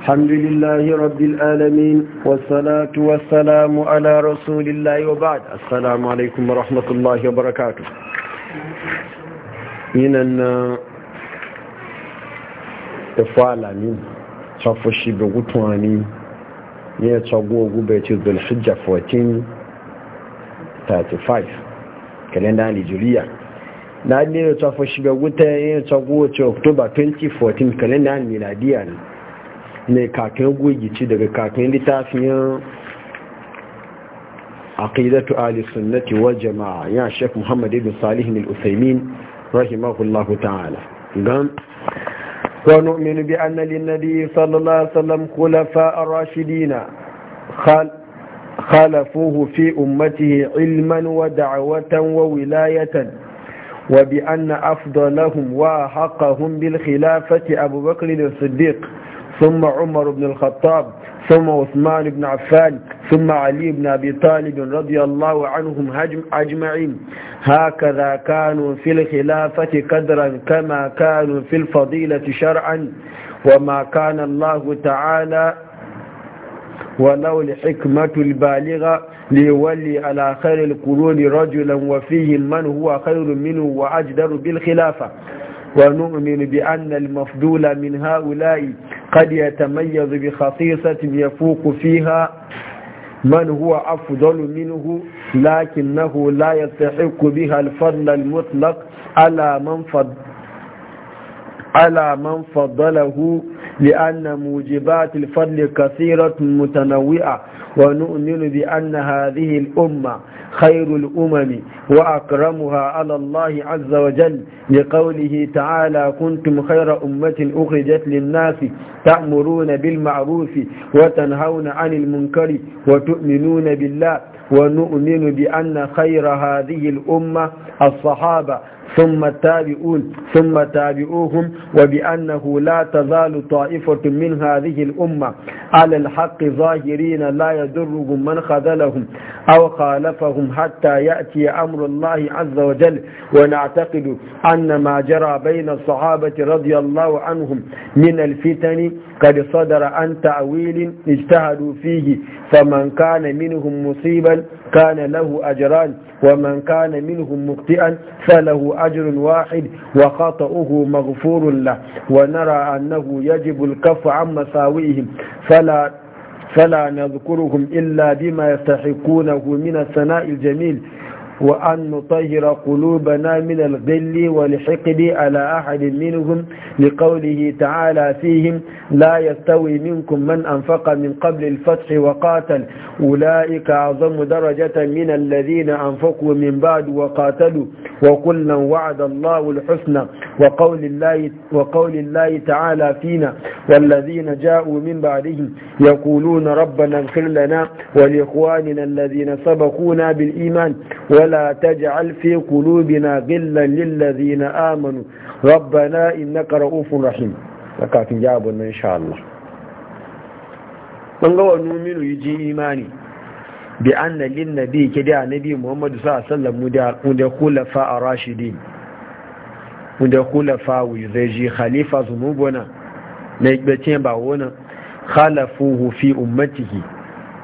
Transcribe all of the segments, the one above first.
الحمد لله رب العالمين والصلاة والسلام على رسول الله وبعد السلام عليكم ورحمة الله وبركاته من ينن تفعلني تفشي بغتواني يتغوغ بيت ذو الحجة 1435 كالندا الهجرية na ne ya tafashi ga wuta ya tsago wacce oktoba 2014 kalendar miladiya ne Mai kakin gugici daga kakin littafiyan aqidatu ahli sunnati wal jamaa ya sheikh muhammad ibn salih bin usaymin rahimahullahu ta'ala gan wa nu'minu bi anna lin nabiy sallallahu alaihi wasallam khulafa ar-rashidina khalafuhu fi ummatihi ilman wa da'watan wa wilayatan wa bi anna afdalahum wa haqqahum bil khilafati abubakr da siddiq ثم عمر بن الخطاب ثم عثمان بن عفان ثم علي بن أبي طالب رضي الله عنهم أجمعين هكذا كانوا في الخلافة قدرا كما كانوا في الفضيلة شرعا وما كان الله تعالى ولو الحكمة البالغة ليولي على خير القرون رجلا وفيهم من هو خير منه وأجدر بالخلافة ونؤمن بأن المفضول من هؤلاء قد يتميز بخصيصة يفوق فيها من هو أفضل منه لكنه لا يستحق بها الفضل المطلق على من فضل على من فضله لأن موجبات الفضل كثيرة متنوئة ونؤمن بأن هذه الأمة خير الأمم وأكرمها على الله عز وجل لقوله تعالى كنتم خير أمة أخرجت للناس تأمرون بالمعروف وتنهون عن المنكر وتؤمنون بالله ونؤمن بأن خير هذه الأمة الصحابة ثم التابعون ثم تابعوهم وبأنه لا تزال طائفة من هذه الأمة على الحق ظاهرين لا يضرهم من خذلهم أو خالفهم حتى يأتي أمر الله عز وجل ونعتقد أن ما جرى بين الصحابة رضي الله عنهم من الفتن قد صدر عن تأويل اجتهدوا فيه فمن كان منهم مصيبا كان له أجران ومن كان منهم مخطئا فله أجر واحد وخطأه مغفور له ونرى أنه يجب الكف عن مساوئهم فلا فلا نذكرهم إلا بما يستحقونه من الثناء الجميل وأن نطهر قلوبنا من الغل والحقد على أحد منهم لقوله تعالى فيهم لا يستوي منكم من أنفق من قبل الفتح وقاتل أولئك أعظم درجة من الذين أنفقوا من بعد وقاتلوا وكلا وعد الله الحسنى وقول الله, وقول الله تعالى فينا والذين جاءوا من بعدهم يقولون ربنا اغفر لنا ولإخواننا الذين سبقونا بالإيمان ولا ولا تجعل في قلوبنا غلا للذين آمنوا ربنا إنك رؤوف رحيم لكن جابنا إن شاء الله من قوى نؤمن يجي إيماني بأن للنبي كده نبي محمد صلى الله عليه وسلم مدخول فأراشدين مدخول فاوزيجي خليفة ذنوبنا نجبتين بعونا خالفوه في أمته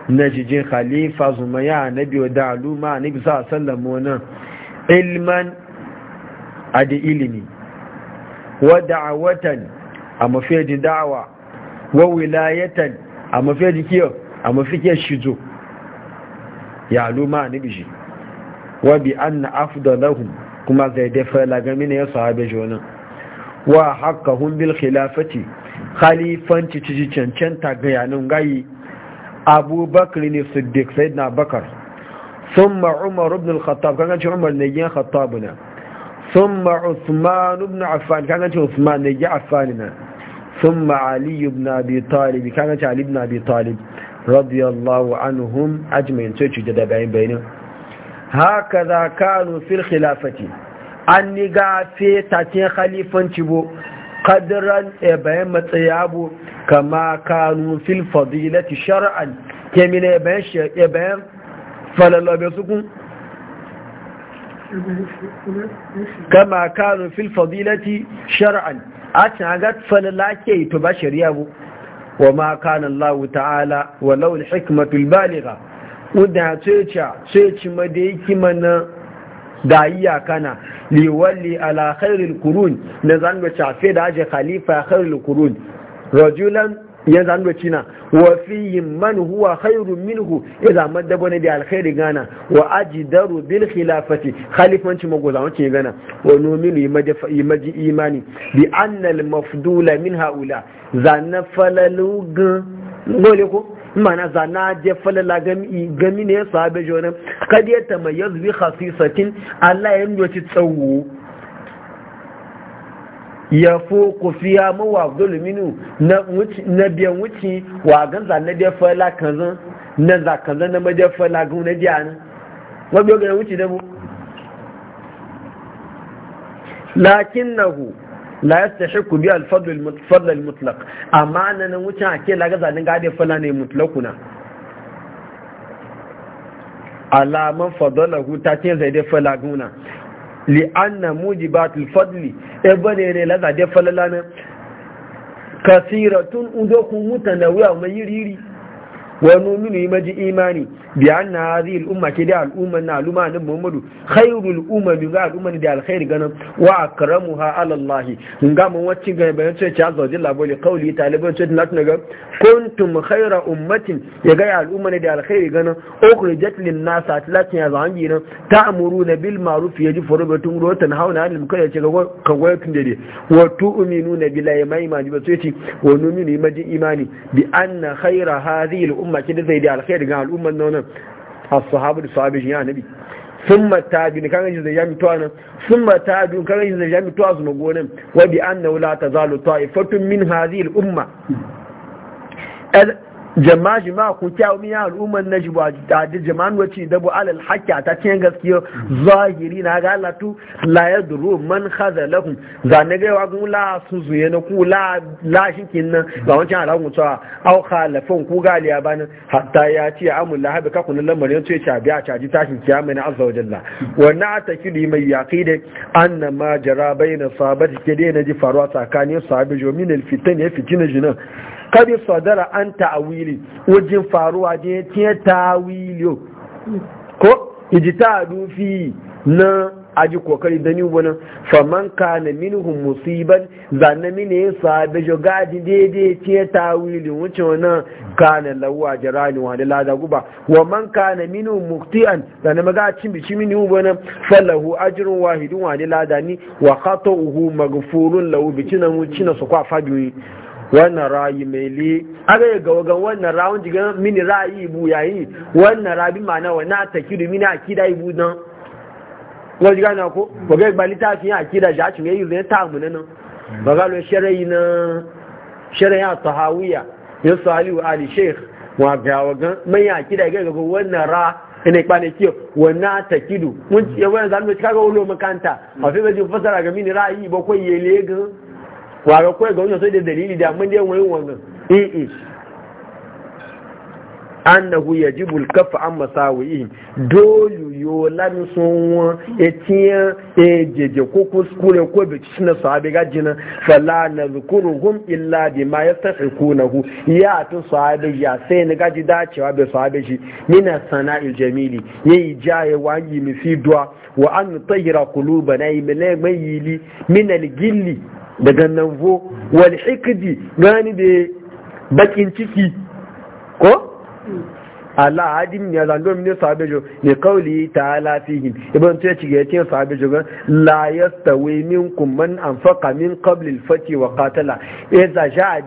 na jijin khalifa zumaya na biyu da aluma na bisa sallama nan ilman a da ilimi wa watan a mafiyajin da'awa wa wilayatan a mafiyajin kiyo a mafikiyar shizo ya aluma na bishi wa bi an na afdalahun kuma zai dafa na ya sahabe jonan wa haka hun bil khilafati khalifanci cikin cancanta ga yanin gayi abubakar ne siddiq sai na bakar sun ma'umar rubin khattab kan ganci umar ne yin khattab na sun ma'usman rubin Afani kan ganci usman ne yi afan na sun ma'ali ibn abi talib kan ganci ali ibn abi talib radiyallahu anhum ajmain sai da bayan bayanin haka za kanu fil khilafati an ni gafe tatin khalifanci bo Kadiran, e bayan bu kama kanu fil fadilati shar'an kemine e bayan e bayan falalabe sukun kama kanu fil fadilati shar'an a can ga falalake to ba shari'a bu wa ma kana Allah ta'ala wa al hikmatul al-baligha wanda ce ce ce ma da yake mana da na liwalli ala khairil kurun da zan ga cafe da aje khalifa khairil kurun rajulan ya zan ga cina wa fihi man huwa khairun minhu idza madabana bi ne alkhairi gana wa ajdaru bil khilafati khalifanci magoza wace gana wa nominu imaji imani bi anna al mafdula min haula zanna falalu gole ko mana zana je falala gami ne sahabe jona kadi ya ta tamayyaz bi khasisatin Allah ya yi tsawo ya foko fiya mawa zulminu na biyan wuce wa gan zana je falala kanzan na za kanzan na maje falala gun na jiya nan wabiyo ga wuce da mu hu la yastahiqu bi al-fadl al-fadl al-mutlaq amma nan wucin ake laga ga zanin gade fala ne mutlaquna ala man fadalahu ta ce zai da fala guna li anna mujibat al-fadli e bane ne la zade fala lana kasiratun udoku mutanawiya mai yiriri wani minu yi maji imani bi an na hazi al'umma ke da al'umma na al'umma na muhammadu khairu al'umma bi ga al'umma da alkhairi ganin wa akramu ha alallahi in ga mun wacce ga bayan ce ya zaudi laboli kauli taliban ce na tuna ga kuntum khaira ummatin ya ga al'umma da alkhairi ganin ukhrijat lin nas atlatin ya zangi amuru na bil ma'ruf yaji furubatun rotan hauna anil mukaya ce ga kan goyo tun dede wa tu'minuna billahi mai ma ji ba ce wa numinu yi maji imani bi anna khaira hadhihi al'umma al'umma ke da zai da alkhairi ga al'umman nan as-sahabu da sahabi ya nabi summa tabi'un kan ganin zai jami tuwa nan summa tabi'un kan ganin zai jami tuwa su magonin wa bi annahu la tazalu ta'ifatu min hadhihi al-umma jama'a jama'a ko kyawu miya al'ummar na jibu a jama'an wacce da bu alal haƙƙa ta cikin gaskiya zahiri na ga latu la ya duru man haza lahum za ne gaiwa kun la su zuye na ku la shi nan ba wancan alaƙun cewa au khalafin ku gali ya bani hatta ya ce amul la habi lamarin ce ce biya caji tashin kiyama na azza wajalla wannan atakili mai yaƙi da an ma jara bai na sahabat dai na ji faruwa tsakanin sahabi jomin fitan ya fitina jinan kadi sadara an ta'awili wajen faruwa da ya tiye ta'awili ko iji ta dufi na aji kokari da ni wani faman ka na minhum musiban zanna mini ya sabi jo gadi daidai tiye ta'awili wucin wani ka na lawa jirani wa wani lada guba wa man ka na minhum mukti'an zanna maga cin bici mini wani falahu ajirin wahidun wa lada ni wa kato uhu magfurun lahu bici na su kwa wannan rayi mai le aga ga wagan wannan rawun jiga mini rayi ibu yayi wannan rabi mana wannan atakiru mini akida ibu nan wọ́n jíga náà kó wọ́gẹ́ ìgbàlí tààfin àkídà ṣáàtùn èyí rẹ̀ tààmù nínú bàbálo ṣẹ́rẹ̀ iná yi yà tọ̀háwíyà yóò sọ aliyu ali sheikh wọn àgbàwọ̀gán mẹ́yìn àkídà ìgẹ́gẹ́gẹ́ wọ́n na ra ina ìpàdé fasara wọ́n náà ba ko yele zanúwẹ̀ wa ga kawai ga wani sai da dalili da mun dai wani wannan annahu yajibu al-kaff an yi. dole yo sun won etiyan ejeje ko kuskure ko bi cikin sahabi gajina fala nazkuruhum illa bima yastahiqunahu ya to sahabi ya sai ni gaji dacewa bi sahabi shi mina sana'il jamili yayi jaye yi mi fi du'a wa an tahira qulubana min al-gilli daga nan vo wal hikdi gani da bakin ciki ko Allah hadin ya zango mini jo ne kauli ta'ala fihi ibn ta ci yace sahabejo jo la yastawi minkum man anfaqa min qabl al-fati wa qatala iza e jaj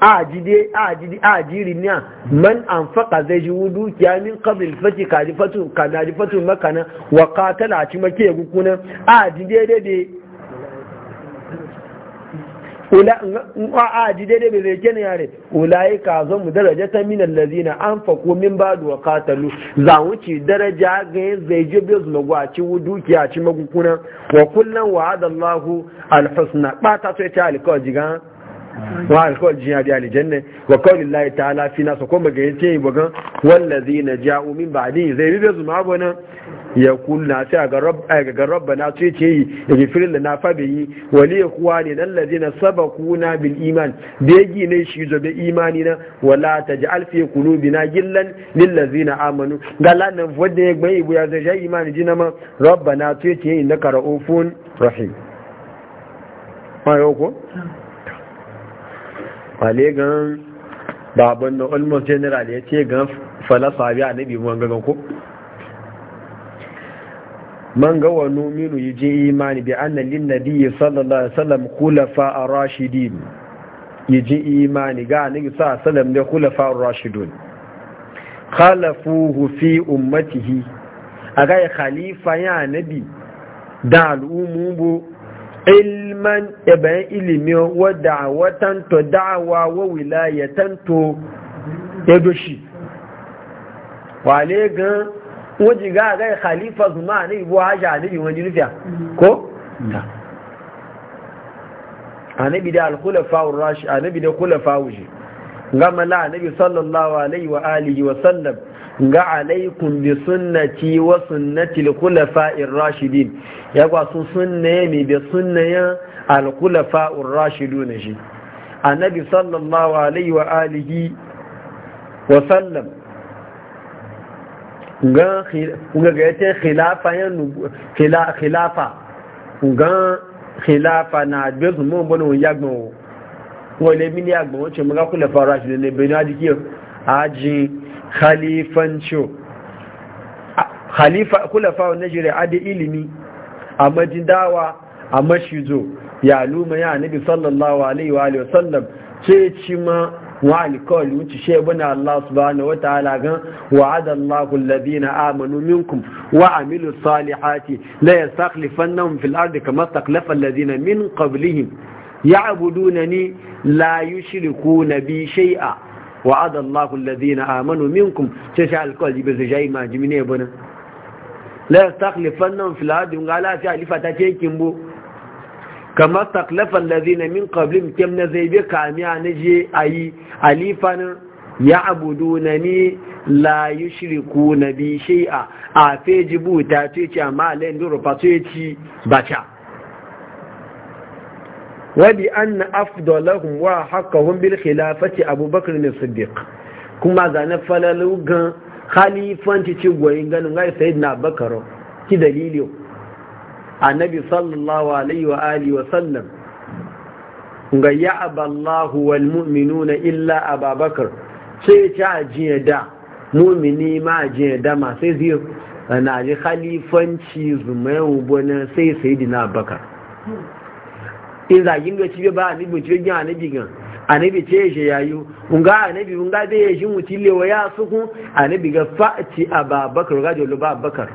ajide ajidi ajiri ne man anfaqa zai ji dukiya min qabl al-fati kalifatu kalifatu makana wa qatala ci make gukunan ajide dai a ji daidai bai zai kene yare ulayi ka zo mu daraja ta min allazina anfaqu min ba wa qatalu za wuce daraja ga zai je bai zuma gwaci dukiya ci magukuna wa kullan wa'ada Allahu alhusna ba ta so ta alƙawaji wa alkawal jiya da aljanna wa qawli llahi ta'ala fi nas ko magan yace bagan wallazina ja'u min ba'di zai bi su ma bona ya kula sai ga rabb ga rabbana sai ce yi da firin da na fabe yi wali kuwa ne nan lazina sabakuna bil iman da yaji ne shi zo imani na wala taj'al fi qulubina gillan lil lazina amanu galanan wanda ya gbai bu ya zai imani jina ma rabbana sai ce yi na karaufun rahim ma yau ko wale gan babban da almost general ya ce gan falasa biya na bi mun gagan ko man ga wa yi yaji imani bi anna lin nabiyyi sallallahu alaihi wasallam khulafa ar-rashidin yaji imani ga nabi sallallahu alaihi wasallam ne khulafa ar-rashidun khalafuhu fi ummatihi aga khalifa ya nabi da al'umu ilman bayan ilimi wa da'awatan to da'awa wa wilayatan to edoshi wale gan waje ga ga khalifa zuma ne ibu haja ne yi wani rufiya ko annabi da al-khulafa ar-rashid annabi da khulafa wuji gama la annabi sallallahu alaihi wa alihi wa sallam ga alaikum bi sunnati wa sunnati al ar rashidin ya kwa sun sunnaye mi bi sunnayen al ar rashidun shi annabi sallallahu alaihi wa alihi wa sallam ga ga yace khilafa yan khilafa ga khilafa na bezu mun bonu yagbo wole mi ni agbo o che mo ga khulafa rashidun ne benadi kiyo aji khalifanci khalifa kulafa wa adi ilimi a majidawa a mashizo ya luma ya nabi sallallahu alaihi wa alihi wasallam ce ci ma wa alkawali wuce she bana Allah subhanahu wa ta'ala gan wa'ada Allahu alladhina amanu minkum wa amilu salihati la yastakhlifannahum fil ardi kama istakhlafa alladhina min qablihim ya'budunani la yushrikuna bi shay'a wa'ada Allahu alladhina amanu minkum sai sai alkawali bai zai jayi majimi ne bana la yastakhlifannahum fil ardi wa la fi alifata ce kimbo kama stakhlafa alladhina min qablihim kam na zai bi kamiya ne je ayi alifan ni la yushrikuna bi shay'a a fejibu ta ce amma lan duru fa ce ci bacha wabi an afdolahun wa haqqahum bil khilafati abubakar ne siddiq kuma zane falalu gan khalifanci ci goyin ganin ga na abubakar ki dalili annabi sallallahu alaihi wa ali wa sallam ga ya aballahu wal na illa ababakar sai ta ajiya da mu'mini ma ajiya da masu sai na ji khalifanci zumayen na sai na abubakar in zagin da cibe ba anabi ce gin anabi gan anabi ce ya she yayu unga anabi unga be ya shi mutin lewa ya suku anabi ga fa'ati ababakar ga jolo ba abakar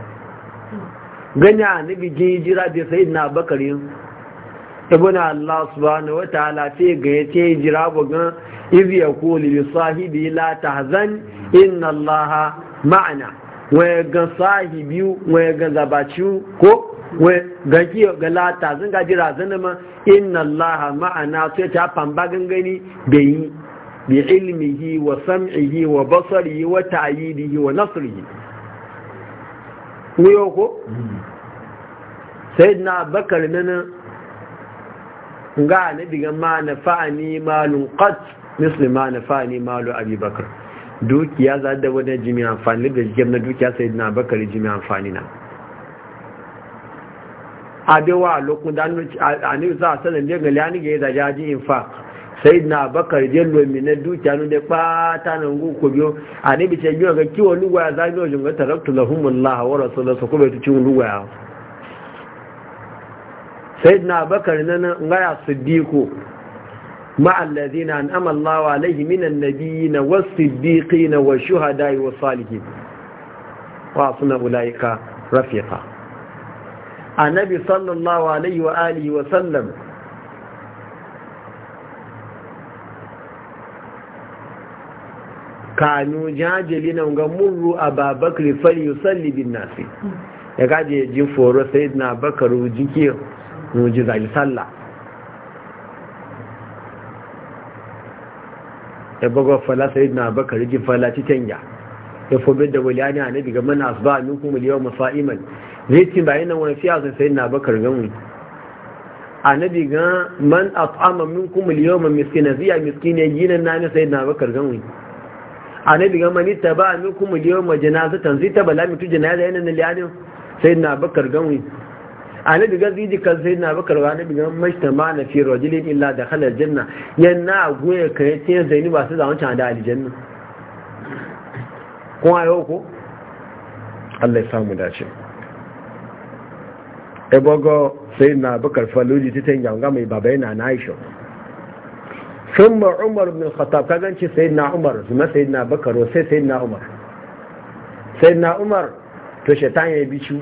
ganya anabi jin jira da sayyidina abakar yin ibuna allah subhanahu wataala sai ga ya ce jira bugan iz yaqulu li sahibi la tahzan inna allaha ma'ana wa ga sahibi wa ga zabaci ko ga kiyo ga lata zan gaji razana ma inna Allah ma'ana sai ta famba gangani da yi bi ilmihi wa sam'ihi wa basarihi wa ta'yidihi wa nasrihi ne ko sayyidina bakar nan ga na diga ma na fa'ani malun qat misli ma na fa'ani malu abi bakar dukiya za da wani jimi amfani da jikin na dukiya na bakar jimi amfani na adewa a lokun da annabi za a sanar da gali an ga yadda jaji in fa sai na bakar jello mai na dukiya nun da kpata na ngu ko biyo annabi ce yi ga kiwo luwa ya zagi ojin ga tarabtu da hun mulla su da su kuma ta cin luwa ya sai na bakar na gaya su diko ma allazi na amallawa alaihi minan na nabiyi na wasu diki na wasu hadayi wasu alikin wa suna ulayika rafiqa annabi sallallahu alaihi wa alihi wa sallam kanu jajeli na ga murru a babakar fari yusalli bin nasi ya gaje ji foro sai na bakar jike nuji zai salla ya bago fala sai na bakar ji fala ci tanya ya fobe da wuliyani a nabi ga mana asba nukun miliyan yawma zai ci bayan nan wani fiye sun sai na bakar ganwe na ga man a tsama min kuma yawma miskina ziya miskina gina na ne sai na bakar ganwe mani ga ba min minkum al-yawma janazatan zita bala mitu janaza yana na liyani sai na bakar ganwe annabi ga zidi kan sai na bakar na annabi ga mashtama na fi rajulin illa da halar janna yanna goye kai tin zaini ba su da wancan da aljanna kun ayo ko Allah ya samu dace ebogo sai na bakar faluji ta tanya ga mai baba yana na aisha sun ma umar bin khattab ka ganci sai na umar zuma sai na bakar sai sai na umar sai na umar to shaitan ya bi ci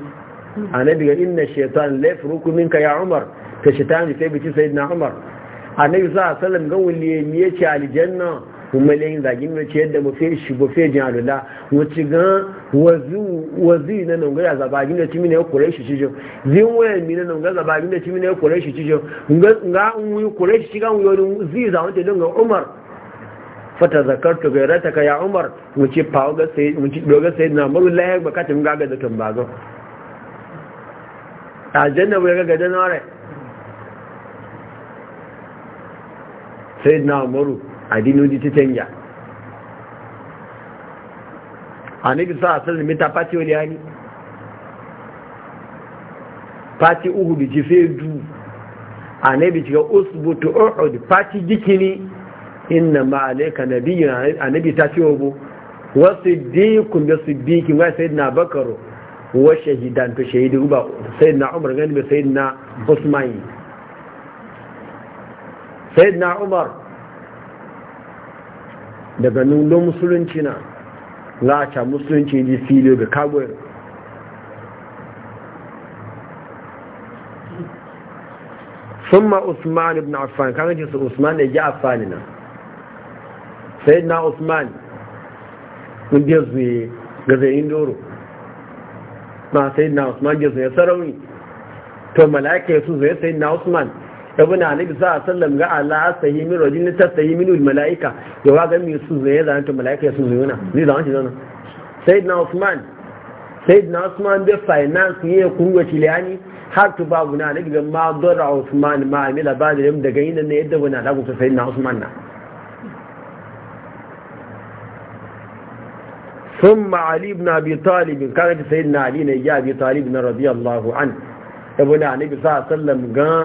annabi ga inna shaitan la yafruku minka ya umar ta shaitan sai bi ci sai na umar annabi sa sallam ga wuli ne ya ci aljanna kuma yin zagin mai ce yadda mafi shi bafe jin alula wacce gan wazi na nan zabagin da na ya kore shi cijin zin wayan mi na nan zabagin da na ya kore shi cijin ga an yi kore shi cikin wani zi za wata don ga umar fata zakartu ga rata ka ya umar wuce fawo ga sai wuce doga sai na maru layar bakatin gaga da tumbago a janna bai gaga da nare sai na maru àdínú di títẹ́ anibi yà àníbi mita pati oli ani pati uhudu ti fẹ́ dù àníbi ti ga oṣùgbòtò ọ̀rọ̀dù pátí jíkini inna ma alaika nabiyyin anabi ta ce wabo wa siddiqun bi siddiqin wa sayyidina bakaru wa shahidan to shahidu ba sayidina umar gani ba sayyidina usman sayidina umar daga nuno musulunci na za a musulunci ji filo da kagwai sun ma usman ibn affan kan ce su usman ne ji affani na sai na usman kundiyar zuye ga yin doro ma sai na usman ya sarauni to malaka ya su zai sai na usman ibn ali sa sallam ga ala sahi min rajulin tasahi min malaika ya wa ga mi su zan to ni zan shi zan sayyidina usman sayyidina usman be finance ye kungo tilani har to babu na nabi ga ma dora usman ma ba da daga yin yadda da na ثم علي بن ابي طالب كان سيدنا علي بن ابي طالب رضي الله عنه ابن النبي صلى الله عليه وسلم قال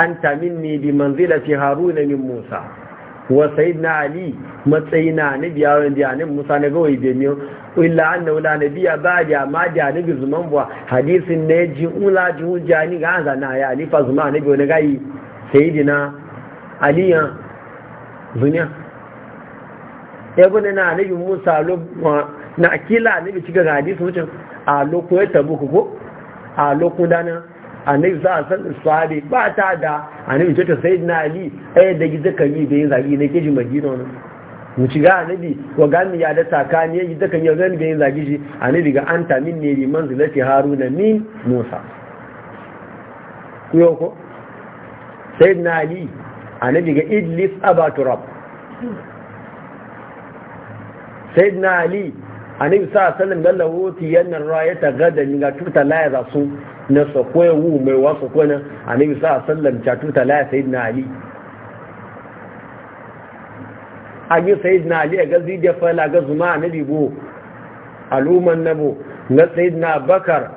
anta minni bi manzilati haruna min musa wa sayyidina ali matsayina na biya wa biya nan musa na ga da miyo illa wala nabiya ba ja ma da bi zuman bua hadisin ne ji ula ji ni ga na ya ali fa zuma nabi wani gayi sayyidina ya zunya yabo na bi musa lo na akila nabi cikin hadisin mutum a lokacin tabuku ko a lokun dana annabi sa san sahabi ba ta da annabi ta sayyidina ali ai da gida kan yi da yin zagi ne ke ji madina wannan mu ci ga annabi wa mi ya da takani yi da kan yi gani da yin zagi shi annabi ga anta min ne bi manzilati haruna min musa ku ko sayyidina ali annabi ga idlis abatu rab sayyidina ali annabi sa sallam gallahu tiyanna rayata gadan ga tuta la ya zasu na sakwai wu mai wa sakwai na annabi sa sallam chatu ta sayid na ali an yi na ali a ga da fala ga zuma annabi bo a nabo na na bakar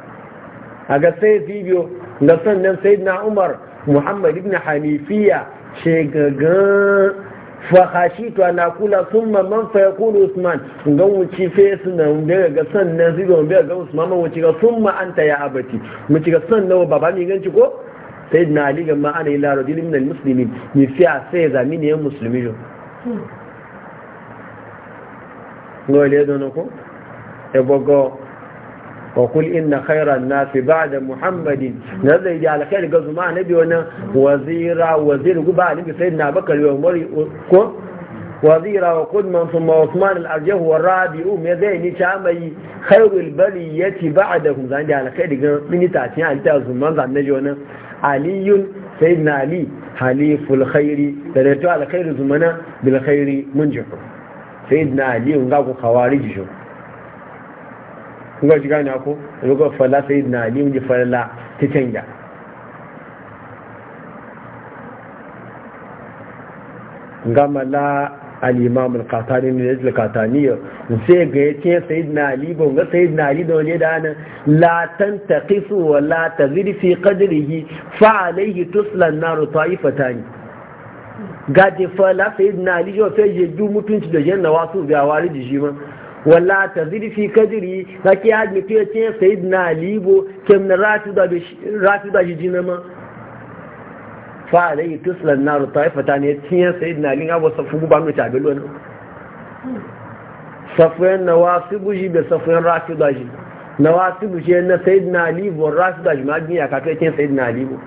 a ga sayid bibiyo na sannan na umar muhammad ibn hanifiya shegagan fahashitu ana kula sun man fa ya kulu usman gan wuce fesu na daga ga sannan su gan ga usman man wuce ga sun ma anta ya abati mu ci ga sannan baba mai ganci ko sai na ali ma ana laro rajulin min almuslimin ni fi a sai zami ne yan musulmi jo ngole dono ko e bogo وقل إن خير الناس بعد محمد نزل يجي على خير قصد مع نبي ونا وزيرا وزير قبع نبي سيدنا بكر وعمر وزيرا وقدما ثم عثمان الأرجه والرابع مذين شامي خير البلية بعدهم زان على خير من تاتين على تازمان زان نجي ونا علي سيدنا علي حليف الخير تدرتو على خير زمنا بالخير منجح سيدنا علي ونقاكو خوارج شو kuka shiga ne ko da kuka fala sai na aliyu ji fala ta canja gama la al-imam al-qatani ne yajil qatani sai ga yace sayyidina ali ba, ga sayyidina ali da wani da nan la tantaqisu wa la tazid fi qadrihi fa alayhi tusla an-nar ta'ifatani gade fa la sayyidina ali jo sai je du mutunci da jannawa su ga wari da shi ma wala ta zirfi kadiri ka ke ya mutu ya ce sai na alibo kem na ratu da shi na ma fa alayhi tuslan naru taifata ne tiya sai na alin abu safu guba mai tabi lona safuyan na wasu buji da safuyan ratu da shi na wasu bushi na sai na alibo ratu da shi ma jini ya kakai ce sai na alibo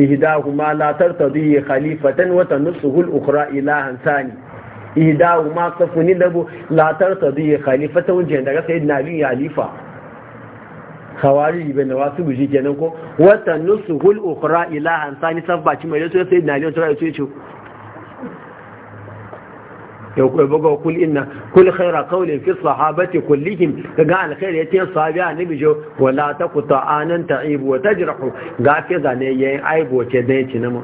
ihdahuma la tartadi khalifatan wa tansuhu al-ukhra ilahan thani idahu ma ni labu la tartadi khalifata wajen daga sayyidina ali khalifa khawari ibn wasu buji kenan ko wata nusuhul ukhra an sani sabbaci mai rasu sayyidina ali tsara yace yau kai buga kul inna kul khaira qawlin fi sahabati kullihim kaga alkhair yace sahabiya nabi jo wala taqta anan ta'ib wa tajrahu ga ke zane yayin aibo ce dai ci namu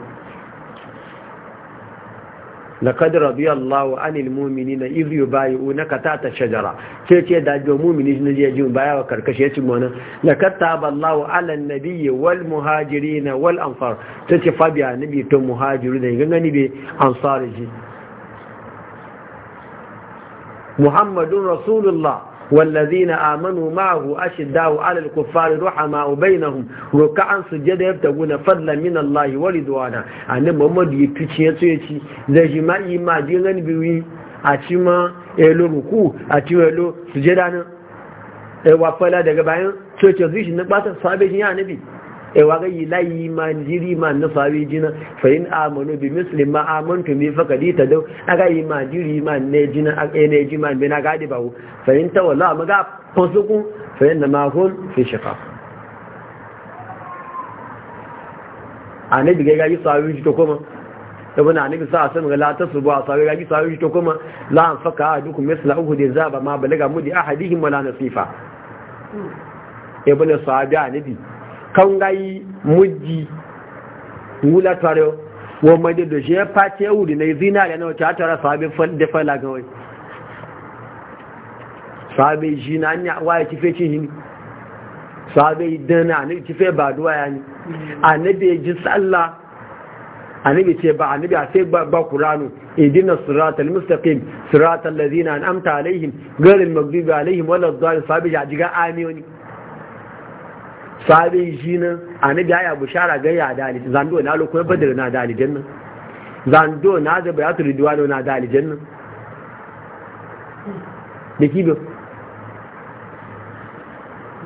laqad radiyallahu anil mu'minina idh yubayyi'unaka ta shajara ce ce da ga mu'mini ne je jin baya wa karkashe yace mu nan laqad taballahu ala nabiyyi wal muhajirina wal ansar ce ce fa biya nabi to muhajiru da gangani be ansar ji muhammadun rasulullah والذين آمنوا معه أشدوا على الكفار رحما وبينهم ركعا سجدا يبتغون فضلا من الله ورضوانا أن محمد يتشي يتشي زي ما إما دينان بيوي أتشما إلو ركوع أتشما إلو سجدا وفلا دقبائن سوى تزيش نقبات صحابة يا نبي Ewa ga yi la ma jiri ma na sawi jina fahim in amanu bi misli ma amantu faka di ta dau aga ma jiri ma ne jina a e ne ji man be na gadi bawo fa in ta wala ga fosuku fa na ma hun fi shiqaq anabi ga gayi sawi ji to kuma ibn anabi sa san ga la tasbu sawi gayi sawi ji to kuma la an faka adukum misla da zaba ma balaga mudi ahadihim wala nasifa hmm. ibn sahabi bi. kangayi mujji wula tare wa mai da shi ya face wuri na zina da nawa ta tara sahabi da fala gawai sahabi shi na wa waye kife cin hini sahabi dana anabi kife ba duwa ya ni anabi ya ji sallah annabi ce ba annabi a sai ba Qur'anu idina siratal mustaqim siratal ladzina an'amta alaihim ghayril maghdubi alaihim waladdallin sahabi ya jiga amiyoni sabe shi nan annabi ya bushara ga ya alijin zando na lokacin badar na alijin nan zando na da bayatul ridwan na alijin nan da do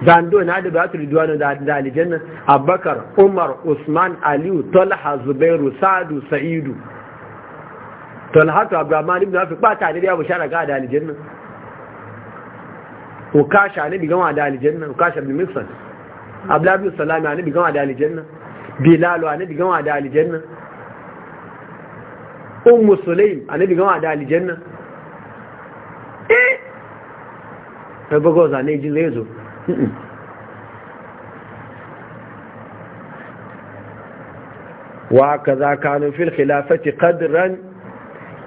zando na da bayatul ridwan na alijin nan Abakar umar usman aliyu talha zubairu sadu sa'idu talha to abdurrahman ibn afi ba ta da ya bushara ga alijin nan ukasha ne bi gama alijin nan ukasha bin mixon abdullahi salami annabi gama da aljanna bilal annabi gama da aljanna ummu sulaim annabi gama da aljanna eh ɗan bago zane ji zai zo wa kaza kanu fil khilafati qadran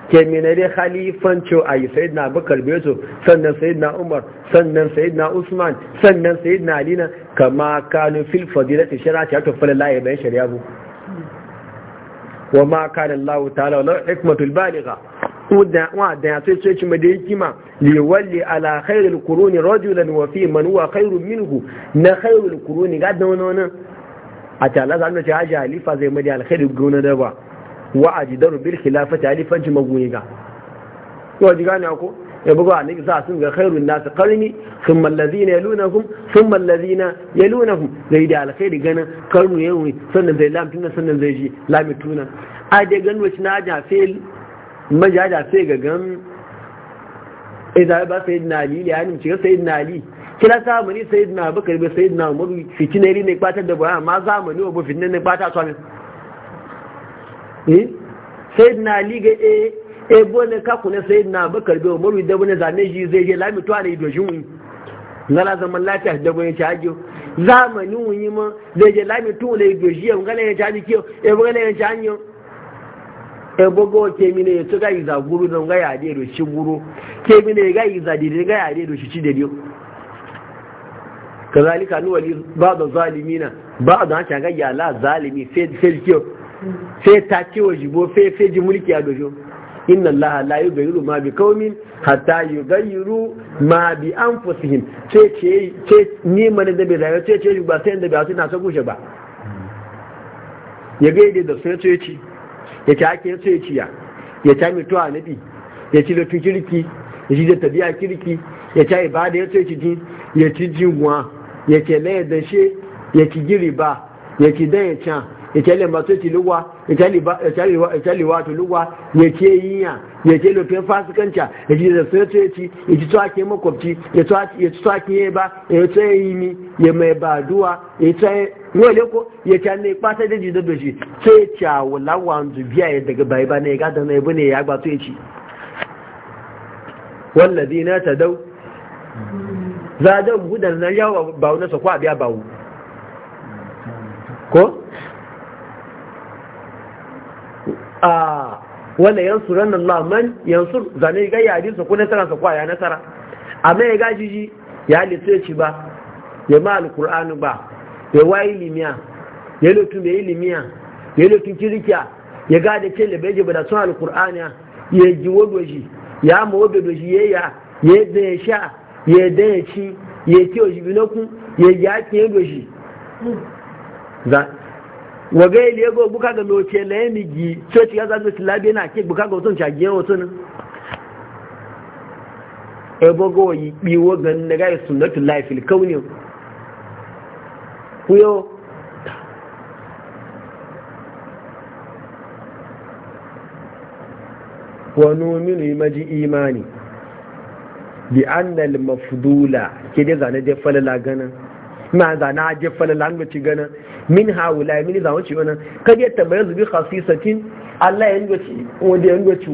keminare khalifancin a yi sayid na bakar beto sannan sayid na umar sannan sayid na usman sannan sayid na alina kama kanu fil fadilati shari'a ta tafi laye bayan shari'a bu wa ma kana Allah ta'ala wala hikmatul baligha wa da ya sai ce mai da hikima li walli ala khairul kuruni rajulan wa fi man huwa khairun minhu na khairul kuruni ga da wannan a ta Allah da ce haji halifa zai mai da alkhairi gona da ba wa ajidaru bil khilafati alifanci maguni ga yau ji gane ko ya bugu a nabi sa sun ga khairun nasu karni sun mallazina ya luna kun sun mallazina ya luna kun zai da alkhairi ganin karnu ya wuni sannan zai lamtuna sannan zai ji lamituna a dai ganin wacce na ja fail maja da sai ga gan idan ba sai na ali ya ni ci sai na ali kila zamani sai na bakar bai sayyidina umaru umar fitinari ne kwatar da bayan Amma zamani wa bu fitinan ne kwata to Eh, sai na liga ga eh e bone ka kuna sayyidina bakar bai umaru da bone zane shi zai je lami to ana idojin wi ngala zaman lafiya da bone ta ajo zamanin wi ma zai je lami to le idoji e ngala ya tani kiyo e ngala ya tanyo e bogo ke mine ya ga iza guru don ga ya de do shi guru ke mine ga iza de ga ya de do shi de dio kazalika nuwali da zalimina ba'd an ta ga ya la zalimi sai sai kiyo sai ta ce wa jibo sai ji mulki a dojo inna Allah la yughayyiru ma bi qaumin hatta yughayyiru ma bi anfusihim sai ce ce ni mana da bai rayuwa ce ce ba sai da ba na so gushe ba ya ga da sai ce ci ya ta ake sai ce ya ya ta mito nabi ya ci da kirki, ya ci da tabiya kirki ya ta ibada ya ce ci din ya ci jinwa ya ke na da shi ya ci giriba ya ci dan ya can ìtẹ́lẹ̀ mọ́tòtì ló wà ìtẹ́lẹ̀ wà yẹ̀tẹ́ yíyàn yẹ̀tẹ́ lópin fásikẹ́ntà ìjìnlẹ̀ sọ́tò etí ìtútọ́ akẹ́ mọ́kọ̀tì ìtútọ́ akẹ́ ẹ̀bá ẹ̀tọ́ ẹ̀yìnmi yẹ̀mọ̀ ẹ̀bà àdúwà tó i daga bàyìí bá ní ẹ̀gá dáná ẹ̀bọ́n ní ẹ̀yà ya ẹ̀tì wọ́n a wala yansuran Allah man yansur zane ga yadi su kuna tsara su kwaya nasara amma ya gaji ji ya ya ci ba ya ma alkur'anu ba ya wai limiya ya lotu mai limiya ya lotu kirkiya ya ga da kele bai ba da sun alkur'ani ya ji wodo shi ya ma wodo da shi ya ya da sha ya da ci ya kyau o shi binokun ya ya ki do shi waga ile yago buka ga loce la yemi gi so ti gaza go tilabe na ke buka ga ton chage o ton e bogo yi biwo ga ne ga sunnatul life il kauni kuyo wa nu'minu maji imani bi anna al mafdula ke da zane da falala ganin ma za na je falalan ci gana min haula min za wuce wannan kaje tambaye zubi khasisatin Allah ya ngoci wanda ya ngoci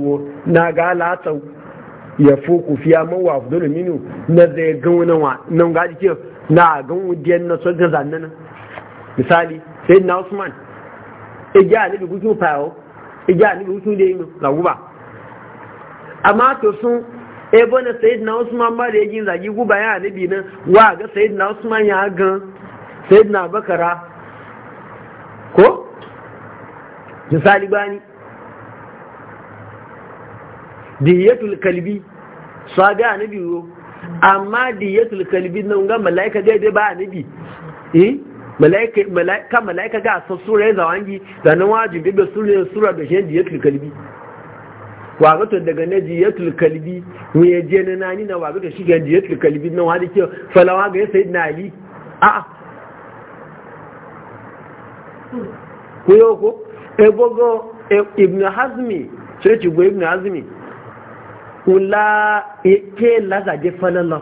na ga lata ya fuku fiya man wa na zai ga wannan wa nan ga ji na ga wudiyan na sojan zannan misali sai na Usman ija alibi gutu fayo ija alibi gutu da yi laguba amma to sun ebe na sayyidina usman ba da ya gina zagi guba ya nabi nan wa ga sayyidina usman ya sayid sayyidina bakara ko misali bani diyatul kalbi ga anabi ro amma diyatul kalbi nan ga malaika ga dai ba anabi eh malaika malaika malaika ga sosure zawangi da nan wajibi da sura sura da shi diyatul kalbi wagato daga na jiyatul kalbi mu ya je na nani na wagato shi ga jiyatul kalbi na wani ke falawa ga sayyid na ali a a ku yau ko ebogo e ibn hazmi sai ci go ibn hazmi ula e ke laza je falala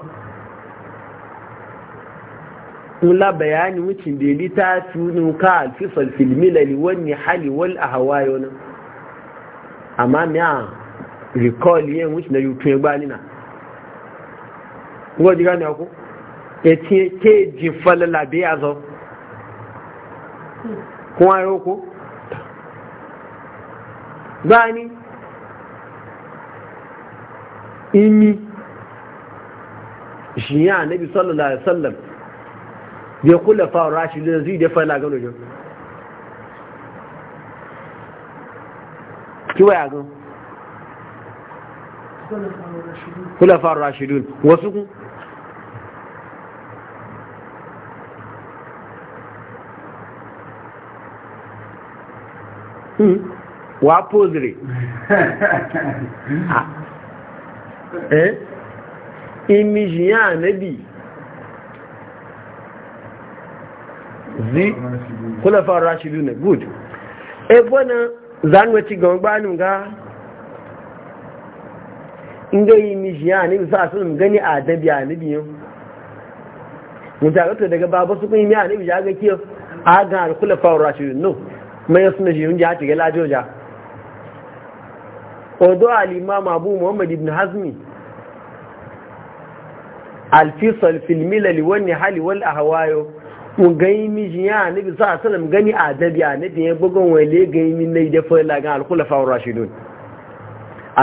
ula bayani wucin da ta tunu ka alfisal filmilali wani hali wal ahawayona amma miya recall wọ́n wuce na yutun ya nínà wọ́n ji gane ku e ti ke falala be kún kun ayo ku gani imi shi ya nabi sallallahu alaihi wasallam ya kula fa rashidin zai da fala kí wọ́n yà gan-an. khulafa rashidun wasu ku hmm. wa pozire eh imijiya zi rashidun good e bona ci gaba ga inda yi mishiya ne bisa sun gani a dabi a nabi yau mutagato daga babu su kun yi miya nabi ya ga kiyo a ga alkula fawon rashidun no mai suna shi yunji hati ga lajoja odo al'imam abu muhammad ibn hazmi alfisal filmila wani hali wal ahawayo mu gai mishiya nabi sa sallam gani a dabi a nabi ya bugun wale gani min na idafa lagan alkula fawon rashidun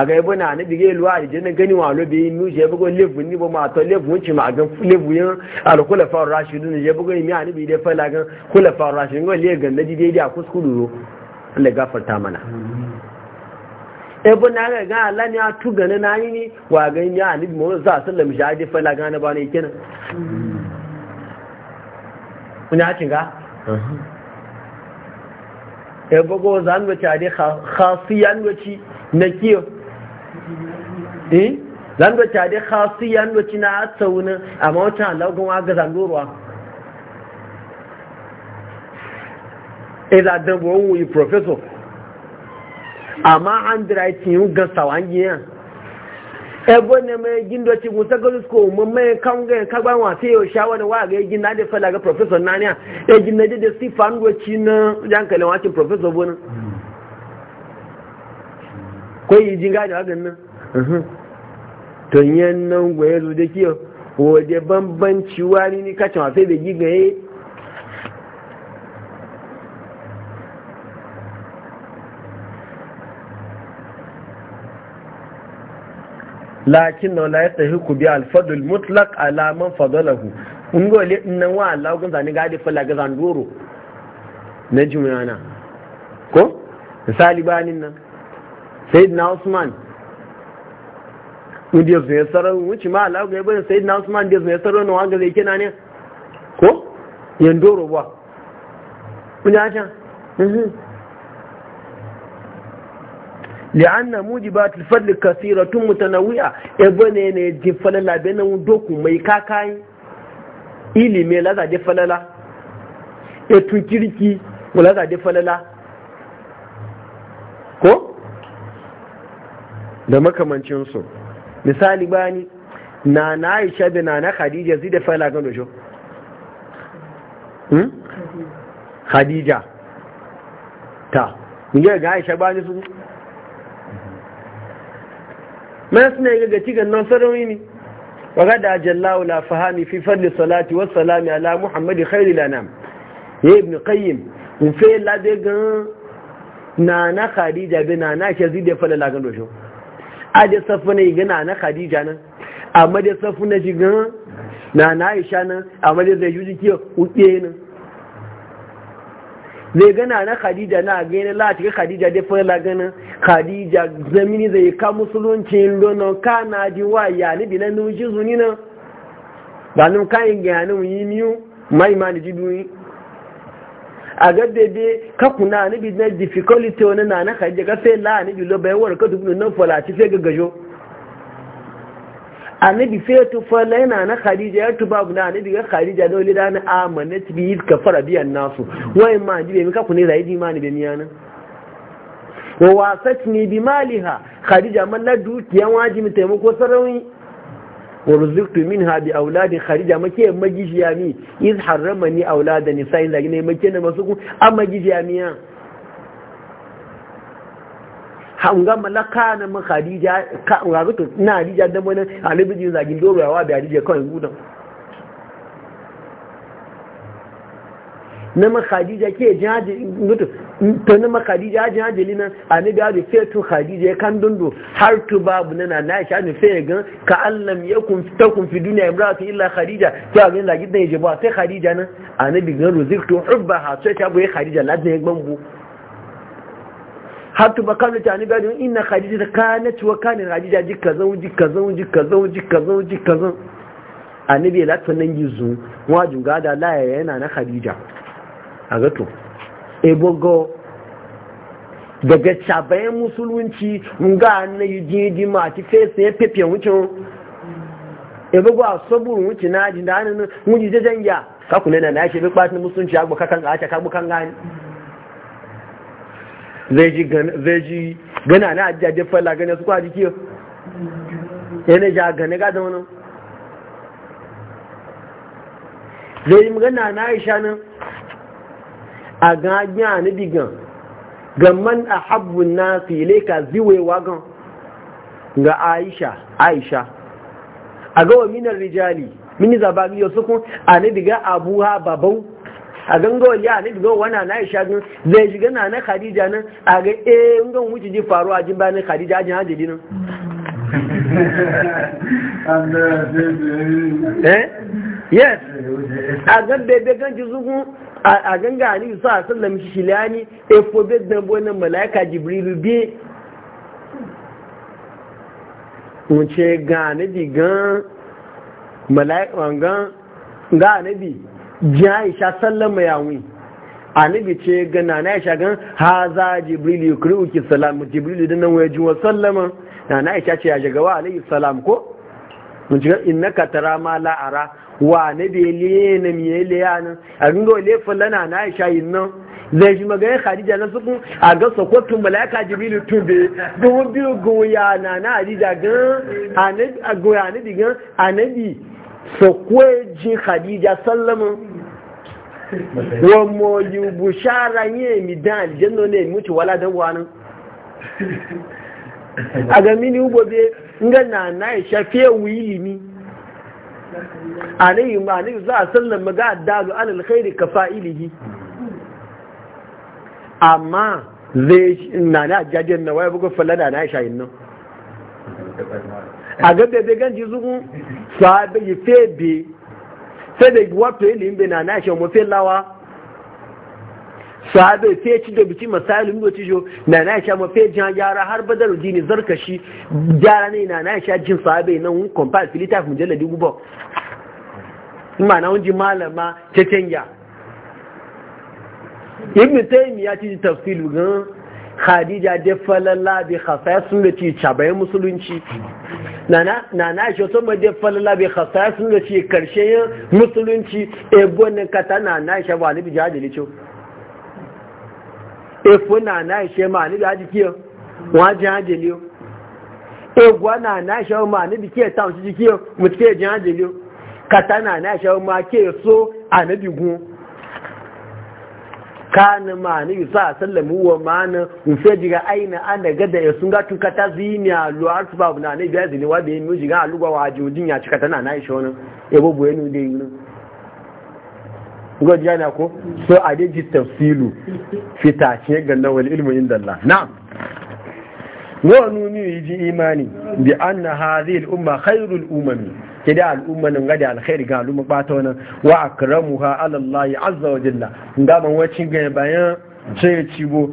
agaibu na ni bige luwa da jinin gani wa lo bi mu je bugo lebu ni bo ma to lebu ci ma gan fu lebu yin al khulafa ar rashidun je bugo mi ani bi de fa la gan khulafa ar rashidun go le gan naji dai da kuskuru Allah gafarta mana ebo na ga ga Allah ni atu gan na yi ni wa ga ni ani mu za sallam ja fa la gan na ba ni kenan kuna cin ga ebo go zan mu ta dai khasiyan wuci na kiyo eh zando ta dai khasiyan da kina tsauna amma wata lagun wa ga ruwa eh da bo wi professor amma handwriting yun ga sawangiya ebo ne me gindo ci mu ga ko mu me kan ga ka ba wa sai yo shawara wa ga gin na e da fala ga professor nani ya e gin na da sifan go ci na wa ci professor bonin ko yi jin gada hagan nan to yan nan gwaye zo da kiyo waje bambanci wani ni kacin wafe da gigaye lakin na ya yastahi ku biya alfadul mutlak alaman man fadalahu kun go le nan wa Allah kun zani gadi fala ga zanduro na jumana ko misali banin nan sayyidina usman wanda ya zuwa sarari wuce ma alaƙa ya bayan sayyidina usman da ya zuwa sarari na wanga zai kina ne ko yando roba kasira tun mhm. li'anna mujibatul fadl kasiratun ya e bane ne ji falala benan doku mai kakai ilimi la da falala etun kirki wala da falala ko da makamancinsu misali bani na na aisha da na na khadija zai da fela gan dojo hmm? khadija ta mun ga aisha bani su mai suna yi ga ga nan sarari ne waga da ajallahu la fahami fi fadli salati wa salami ala Muhammadu khairu lanam ya ibn Kayyim, in fe la gan na na khadija bi na na Aisha zai da fela gano dojo a da safi na gana na khadija nan amma da safi na shi gana na na aisha nan amma da zai juji kiyo uke nan zai gana na khadija na gani la cika khadija da fara gana khadija zamini zai ka musulunci lona ka na ji wa ya ni bilan nuji zuni nan ba nan kan yi gani yi miyu mai ma ni ji duni a gade bi ka kuna ni bi na difficulty wani na na kaje ka sai la ni bi lo bai war ka dubu na fola ci sai gaggajo bi sai to fola yana na khadija ya tuba na bi ga khadija da wali da na amanat bi ka fara biyan nasu wai ma ji bi ka kuna zai di ma ni miya na wa wasatni bi maliha khadija man la dukiyan mu taimako sarauni wa منها minha bi auladin kharija make magijiya mi iz harrama ni auladan nisa in zagi ne make na masu ku an hanga malaka na mu kharija ka ga na kharija da ba kawai gudan na ma khadija ke jaje mutu to na ma khadija jaje lina annabi ya ce to khadija kan dundu har tu babu nana na sha ne sai ga ka allam yakun takun fi dunya imra'atu illa khadija to ga la gidan yaje ba sai khadija nan annabi ga ruziktu hubbaha sai ta boye khadija ladan ya gbambu har tuba kanu ta annabi ya inna khadija kanat wa kana khadija jikka zauji ka zauji ka zauji ka zauji ka zauji annabi ya latsa nan gizu wajin gada la yana na khadija a gato ebogo daga cabayen musulunci nga na yi jini ma ti fesa ya pepe wucin ebogo a saburin wucin na ji da hannun wuji jajen ya kakule na na ya shebe kwatin musulunci ya gbaka kan gaca kabu kan gani zai ji gana na ajiyajen falla gane su kwa jiki yana e, ja gane gada wani zai yi magana na aisha nan a gajin anabi gan ga man a habbun na file ka ziwewa gan ga aisha aisha a gawa minar rijali mini zabari yau sukun anabi ga abu ha babau a gangawa ya anabi ga wana na aisha gan zai shiga na na khadija nan a ga eh ngan wuce ji faru a jin na khadija ajin hajjali nan uh, eh yes a ga bebe gan ji zugun a ganga ali sa sallam shi shilani e fo be dan bonan malaika jibrilu bi mun ce ga nabi gan malaika wangan ga ne bi ya sallama yawi annabi ce ga nana aisha gan haza jibril kuri ki salam jibril din nan waje wa sallama nana aisha ce ya shiga wa alayhi salam ko mun ji innaka tara ma la ara wa na beliye na miyele yana a ringa wale fulana na aisha yin nan zai shi magana khadija na suku a ga sokoto malaka jibrilu tube gawon biyu goya na na hadija gan a goya na bi gan a na bi sokweji khadija sallamin wọn mọ yi bushara yi mi dan alijanna ne mutu wala dan wani a ga mini ubobe nga na na aisha fiye wuyi ni alayhi ma alayhi za a sallama ga addalu alal khairi ka fa'ilihi amma zai na na jajen na waya bugu falada na aisha yin nan a gabe bai ganji zugun sahabe yi febe sai da wato ilimin bai na na aisha mafi lawa sahabai fe ci da biki misali mu ci jo na na sha mafe jan yara har badar dini zarkashi gyara ne na na sha jin sahabai nan compile filita mu jalladi gubo ma na wunji malama ta canja ibn ya ci tafsir gan khadija da falalla bi khasaya sun da ci cabayin musulunci Na na shi wasu mai da falalla bi khasaya da ci karshen musulunci ebo ne kata na shi ba alibi jihadi efu na na ishe ma ni ga jikiyo wa ji ha jeliyo egwa na na ma ni bi ke ta o jikiyo mu ke ji ha jeliyo kata na na ishe ma ke so anabi gun na ma ni sa sallamu wa ma na mu fe diga aina an daga da ya sun ga tun kata zimiya lo babu na ne biya zini wa be mu jiga alugwa wa ji ya ci kata na na ishe wona ebo gwaji yana ko so a daji tafsilu fita ce ganna wani ilmin inda Allah na wani ne yi ji imani bi anna na al al'umma khairul umami kida al'umma nan gada alkhairi ga al'umma bata wani wa akramuha ala Allah azza wa jalla ngaban wacin ga bayan sai cibo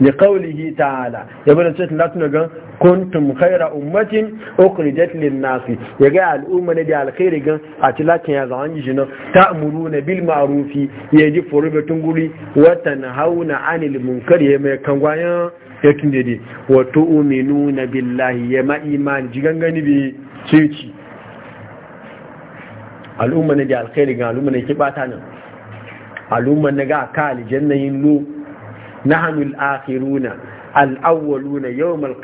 li kawulihi ta'ala ya sai tun latuna gan kuntum khaira ummatin ukhrijat lin-nas yaga al'umma ne da alkhairi gan a tilakin ya zaman ji Ta ta'muruna bil ma'rufi yaji furubatun guri wa tanhauna 'anil munkari ya mai kangwayan ya tunde wa tu'minuna billahi ya ma iman ji gangani bi cici al'umma ne da alkhairi gan al'umma ne ki bata nan al'umma ne ga ka aljanna yin nahnu al-akhiruna al'awwaluna yawmal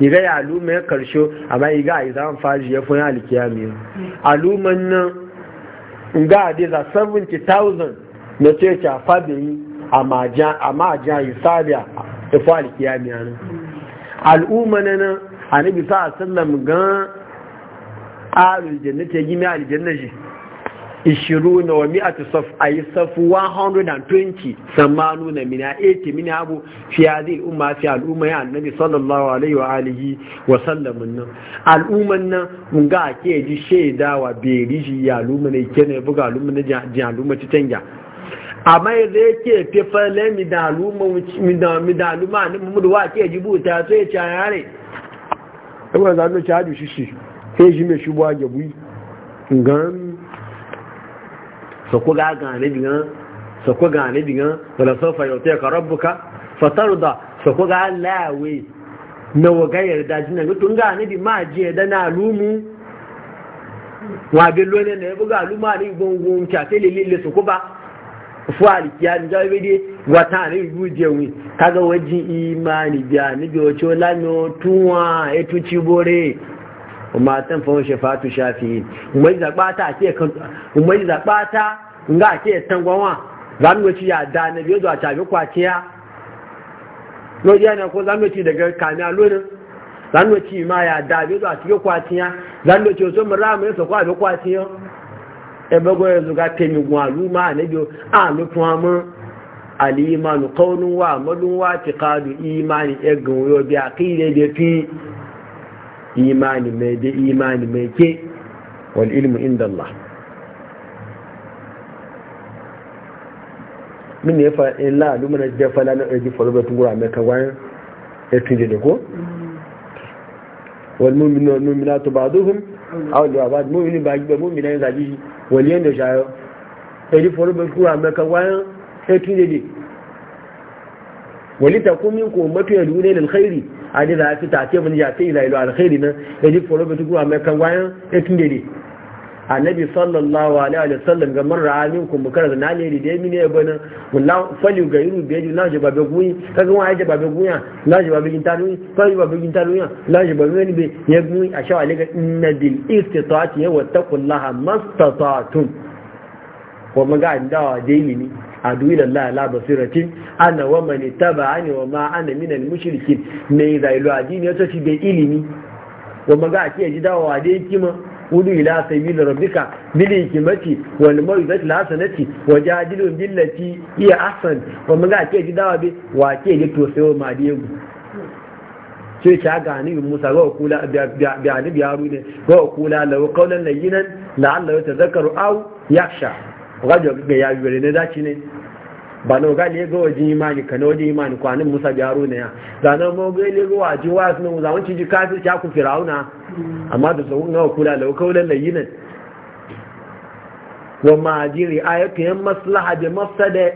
yi ga ya aluma ya karsho amma yiga ai zan faji ya fun alkiyami aluman nan ga dai za 70000 na ce a fadin amma majiya yi ja isabiya ta fa ya nan al'umma nan annabi sallallahu alaihi wasallam ga alul jannati gimi aljanna shi ishiruna wa mi'atu saf ayi safu 120 samanu na mina 80 mina abu fi hadhihi umma fi al'umma ya annabi sallallahu alaihi wa alihi wa sallam nan al-umma nan mun ga ke ji sheda wa beriji ya al-umma ne kene buga al-umma ne ji al-umma ci tanga amma yanzu yake fi fale mi da al'umma mi da al'umma ne mu da wa ji buta sai ya ci yare ko zanu ci shi shishi sai ji me shubuwa gabu ngan soko ga gane digan sako gane digan wala sofa yauta ka rabbuka fatarda soko ga lawe na waga yarda jina ga tun ga ne ma je da na lumu wa be lo ne ne buga luma ni gongo cha tele lele sako ba fu alikiya ni ga be de wata ne bu je wi kaga waji imani biya ni bi ocho lano tuwa etu chibore ma tan fa shafatu shafi'in umai zabata ake nga ake tangwawa zamu ci ya da na biyo zuwa tabi kwaciya ya na ko zamu ci daga kamiya lonin zamu ci ma ya da biyo zuwa tabi kwaciya zamu ci so mu ramu so kwa bi kwaciya e yanzu ga temi gwalu ma na biyo a lutwa mu al-imanu qawlun wa amalun wa imani e yo bi imani mai da imani mai ke wal ilmu inda Allah min ya fa in la lu mana da fala na ji falo batun gura mai kawai ya tunje da ko wal mu'minu wal mu'minatu ba'duhum awliya ba'd mu'minu ba'd mu'mina zaji wal yanda shayo ya ji falo batun gura mai kawai ya tunje da walita kun min ko mafi yadu ne lalkhairi a da za fi tafiya mun ya sai ilailu al khairi nan ya ji foro bi tuku mai kan gwayan ya A na bi sallallahu alaihi wa sallam ga man ra'a minkum mukar da nale da mini ya bana wallahu fali ga yiru be ji na jaba be guyi kaga wa ya jaba be guya na jaba be gintanu fa jaba be gintanu ya na jaba be ni ya guyi a shawa lega inna bil istita'ati wa taqullaha mastata'tum ko maga inda daily ne adu ila Allah la basirati ana wa man tabani wa ma ana min al mushrikin me da ilu adini yato ci bai ilimi wa maga ake ji dawowa dai kima udu ila sabil rabbika bil hikmati wal sanati Wa jadilu billati hiya ahsan wa maga ake ji dawowa bi wa ke ji to sai ma dai sai ta ga ni Musa ga kula bi bi aru ne ga kula law qawlan layyinan la'alla yatazakkaru aw yakhsha ga ga ya bare ne dace ne ba na ga lego waje imani ka na waje imani kwanin musa biyaro na ya zanen ma ga lego waje wa suna zawon ciji kafin ya ku firauna amma da sauran na kula da kaulan layinan wa ma jiri ayatu yan maslaha bi mafsada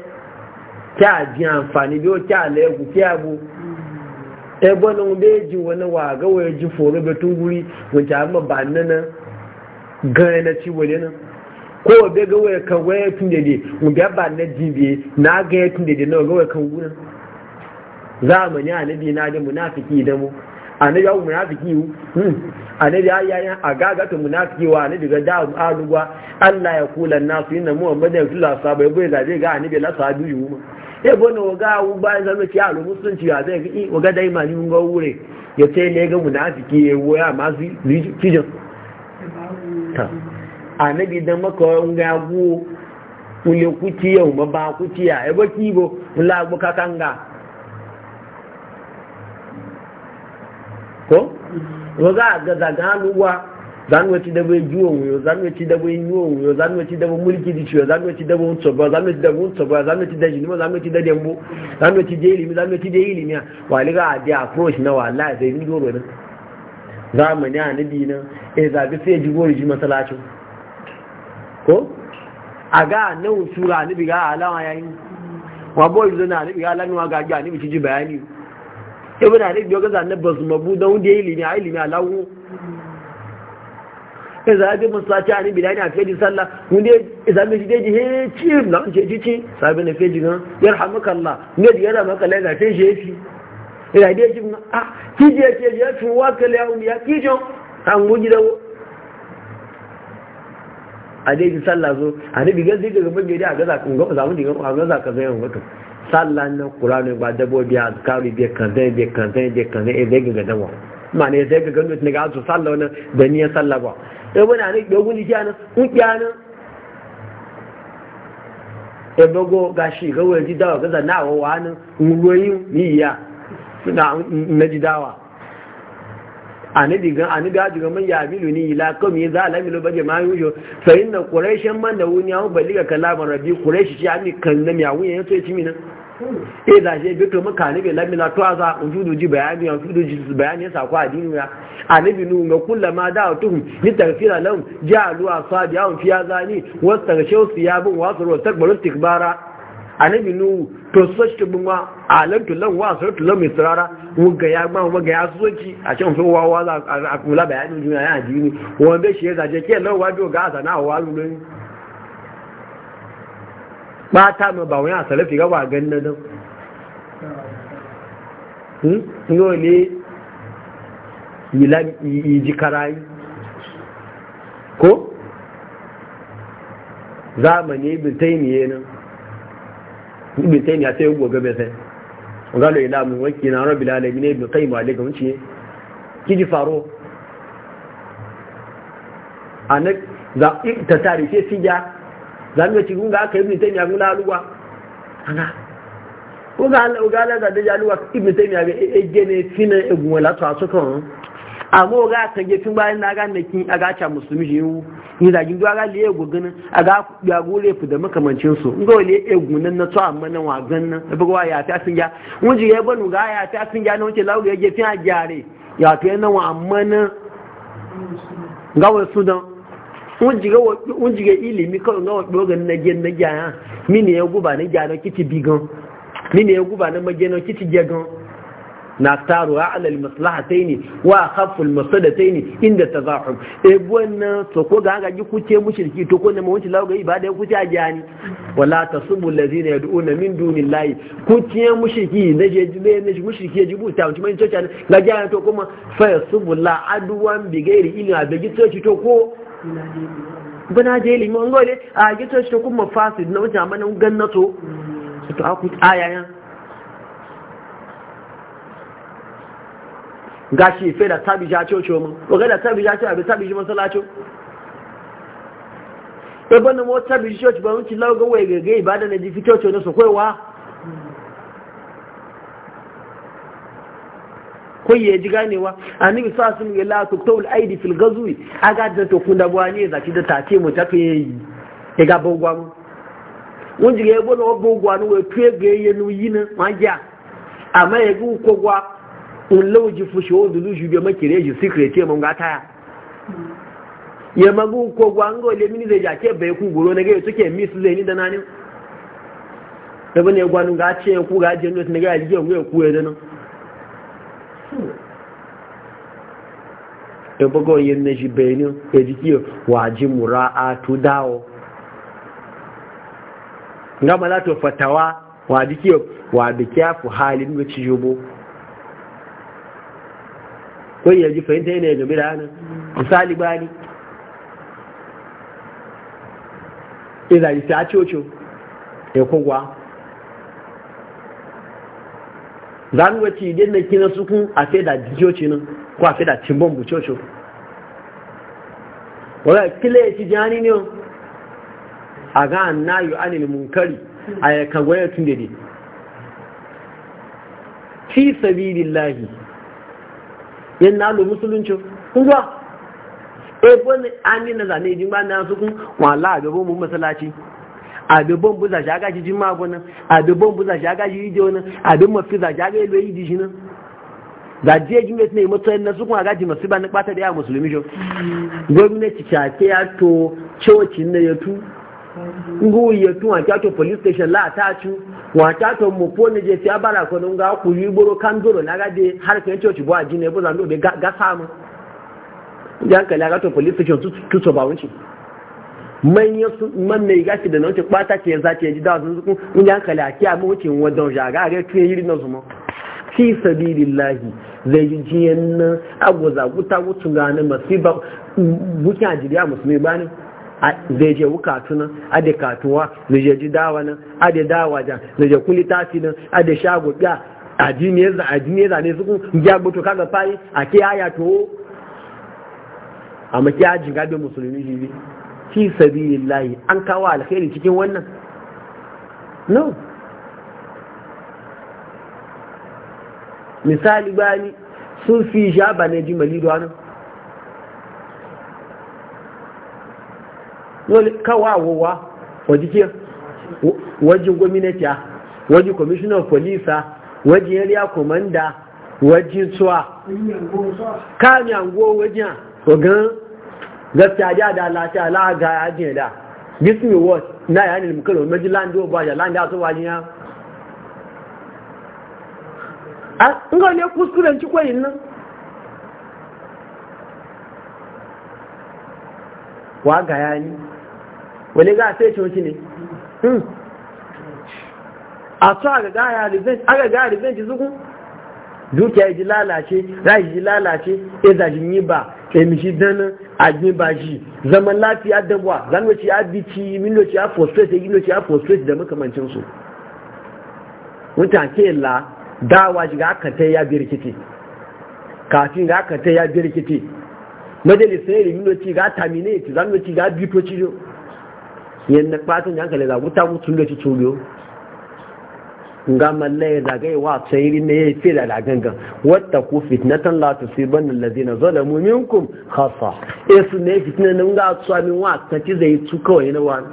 ta ji amfani bi ta lego ta bu e gbono be ji wani wa ga waje foro betun guri wanda amma ba nan ga na ci wale nan ko be ga waya ka waya tun da ne mun ba na jibe na ga tun da ne na ga waya kan guna zamani annabi na da munafiki da mu annabi ya munafiki hu hmm. annabi aga yayin agaga to munafiki wa annabi ga da Allah ya kula nasu inna na rasulullah sabai bai zabe ga annabi la ma e ya zai ga ya ya anabi dan maka nga gu ule kuti yau ma ba kuti ya e baki bo la bu kakanga ko roga ga da galuwa zan wati da bai juwo yo zan wati da bai yuwo yo zan ti da bai mulki di ciwo zan ti da bai unso ba zan wati da bai unso ba zan wati da jinima zan wati da dembo zan wati da ilimi zan wati da ilimi wali ga di approach na wallahi zai ni doro ne zamani annabi na e zabi sai ji gori ji masalacin ko a ga nan sura ni biga alama yayin wa boy zo na ni biga alama ga ga ni bi ji bayani ibn ali biyo ga zanna basu mabu dan wanda yayi limi ayi limi alawu za iza abi musaci ani bi bilani a feji sallah wunde iza mi jide ji he ci na ce ji ci sabi na feji na yarhamuka allah ne ji yarhamuka allah ga feji yafi ila dai ji ah kije ke ya tuwa kale ya ki jo an guji da a dai ji sallah zo a nabi ga zai daga mabiyar a gaza kun gaba zamu diga a gaza ka zai wato sallah nan qur'ani ba dabobi a zakaru bi kan eh, zai bi kan zai bi kan zai zai ga dawa ma ne zai ga gando ne ga su sallah wannan da niyan sallah ba eh bana ne eh, eh, ga guni kiyana un kiyana e dogo gashi ga wani dawa gaza na wa wani un loyin ni ya na ji dawa ani diga ani ga diga man ya bilu ni ila kam yi za la milu baje ma yujo fa inna quraishan man da wuni au bali ga kalaman rabbi quraishi shi ani kan na ya wuni yato ci mina e da je to maka ni be mina to aza ujudu ji bayani ya ujudu ji bayani sa kwa dinu ya ani binu ga kullama da tu ni tafsira lahum ja'alu asadi ya fi azani wa tagshaw siyabun wa asru takbaru istikbara anabi nuhu. to soci bin wa alan tulan wa sai tulan mai tsirara wuga ya mun wuga ya soci a cikin so wa wa a kula bayanin juna ya jini wanda shi ya zaje ke lawa do ga sana wa ne ba ta mu ba wani asalafi ga wa ganna dan hmm yo ne yila yiji karai ko zamani bin taimiye nan ibn tayyib ya sai goga be sai galo ila mu waki na rabbil alamin ibn qayyim alayka mun ce kiji faro anak za ta tarife sija zan ga cikin ga aka ibn tayyib ya gula aluwa ana ko ga Allah ga Allah da jaluwa ibn tayyib ya ga ejene eh, eh, fina egun eh, wala to aso kan hmm? amma ga ka tun bayan na gane kin a gacha musulmi shi yiwu ni da gindu ga le ego ganin a ga ya gole fu da makamancin su ngo le ego na to amma nan wa ganin e ya ta sun ya mun ji ya banu ga ya ta sun ya nan ce lawo ya je a jare ya to nan wa amma nan ga wa su dan mun ji na gen na ja mini ya guba na ja na kiti bigan mini ya guba na taruwa alal maslaha maslahatai ne wa haful masadatai ne inda ta zafin E nan to ko ga hagagi kuce mushirki to ko nema wancan lagayi ba da ya kuce a jani wala ta subu lazi na yadu na min dunin layi kuce mushirki na je jibe na shi mushirki ya jibu ta wancan mai coci na ga jani to kuma faya subu la aduwan bigayri ilin a bagi coci to ko bana je ilimi wani gole a gito shi to kuma fasid na wancan amma na gannato to a yayan gashi fe da tabi ja ce ce mun ko kai da tabi ja ce abi tabi ji masallacin e bana mo tabi ji ce ba mun kilawo ga waye ga ga ibada ne ji fito ce ne so koywa koyi ji ganewa annabi sa sun ga la tuktaul aidi fil gazwi aga da to kun da bwani zaki da ta ce mu tafi yi e ga bogwa mu won ji ga ebo no bogwa no we tuye ga yenu yina maja amma e gu kogwa un lauji ji o dulu ju be makire ji secret ce mun gata ya magu ko gwango le mini zai jake bai ku goro na gaya ke miss zai ni da nanin da bane gwanu ga ce ku ga je ne ga ji ga ku da nan ya bugo yin na shi bai ne ya ji ki waji mura'a tu dawo ngama la to fatawa wa dikiyo wa bikiyafu halin ko ya ji fahimta yana game da hannun misali bani izali ta coco ya kogwa mu ci idan na kina kun a fai da jijoci nan ko a fai da cimbon bu coco wadda kila ya ci jani ne a ga na yi anil munkari a yakan gwayar tun da ne fi sabi lillahi yin na lo musulunci kun zuwa ebo ne an yi na zane jin ba na su kun wala a gaban mu masalaci a gaban buza shi agaji jin gona a gaban buza shi agaji yi jiwa nan a gaban mafi za shi agaji lo yi dishi nan za jiya jin mai matsayin na su kun agaji masu ba na kwata da ya musulmi jo gwamnati ta ke ya to cewacin na ya tu ngu ya tun a kyato police station la ta ci wa kyato je si abara ko nga ku yi boro kan doro na gade har ke church bo aji ne bo zan be ga samu yan kala ga police station tu tu so ba wunci man ya man ne ga ki da nauce kwata ke za ke ji da sun zuku mun yan kala ki a mu wadon jaga ga yiri na zuma fi sabilillahi zai yi jiyan agwaza guta masiba zai je tuna a da katuwa da je ji dawa nan da dawa jan da je kuli tafi nan da shago ɗa addini ya addini ya zane suku ya buto kaga fari a ke aya to amma ke ajin gabe musulmi ne fi sabilillahi an kawo alkhairi cikin wannan no misali bani sun fi shaba ne ji malidu nan kawawowa wowa wajike wajin gwamnatiya wajin commissioner of police wajin area commander wajin tsuwa kami anguwa wajin ogan gaskiya ja da lafiya la'aga ya ajiye da gismi wat na ya ne mukalwa maji landi oba ya landi aso wajin ya a nga ne kuskuren cikwayin nan wa ga ya ni wani ga sai ce wuce ne hmm. a so aga gaya revenge aga gaya revenge zuku dukiya ji lalace rai ji lalace e da jin yi ba e mi shi dana a jin ba shi zaman lafiya da buwa zan ya bici minoci ya frustrate ya ginoci ya frustrate da makamancin su mutane la dawa shiga aka ta ya biyar kiti kafin ga aka ta ya bi rikici majalisar ilimin lokaci ga terminate zan wace ga bitoci yadda ɓatan da hankali zagu ta mutu da cikin biyu ga mallaye zagaye wa tsayiri ne ya yi fi da lagangan wata ku fitnatan la tu si na lalazi na zola muminkum khasa esu ne fitna nan ga tsuwa mi wa tsaci zai tu kawai na wani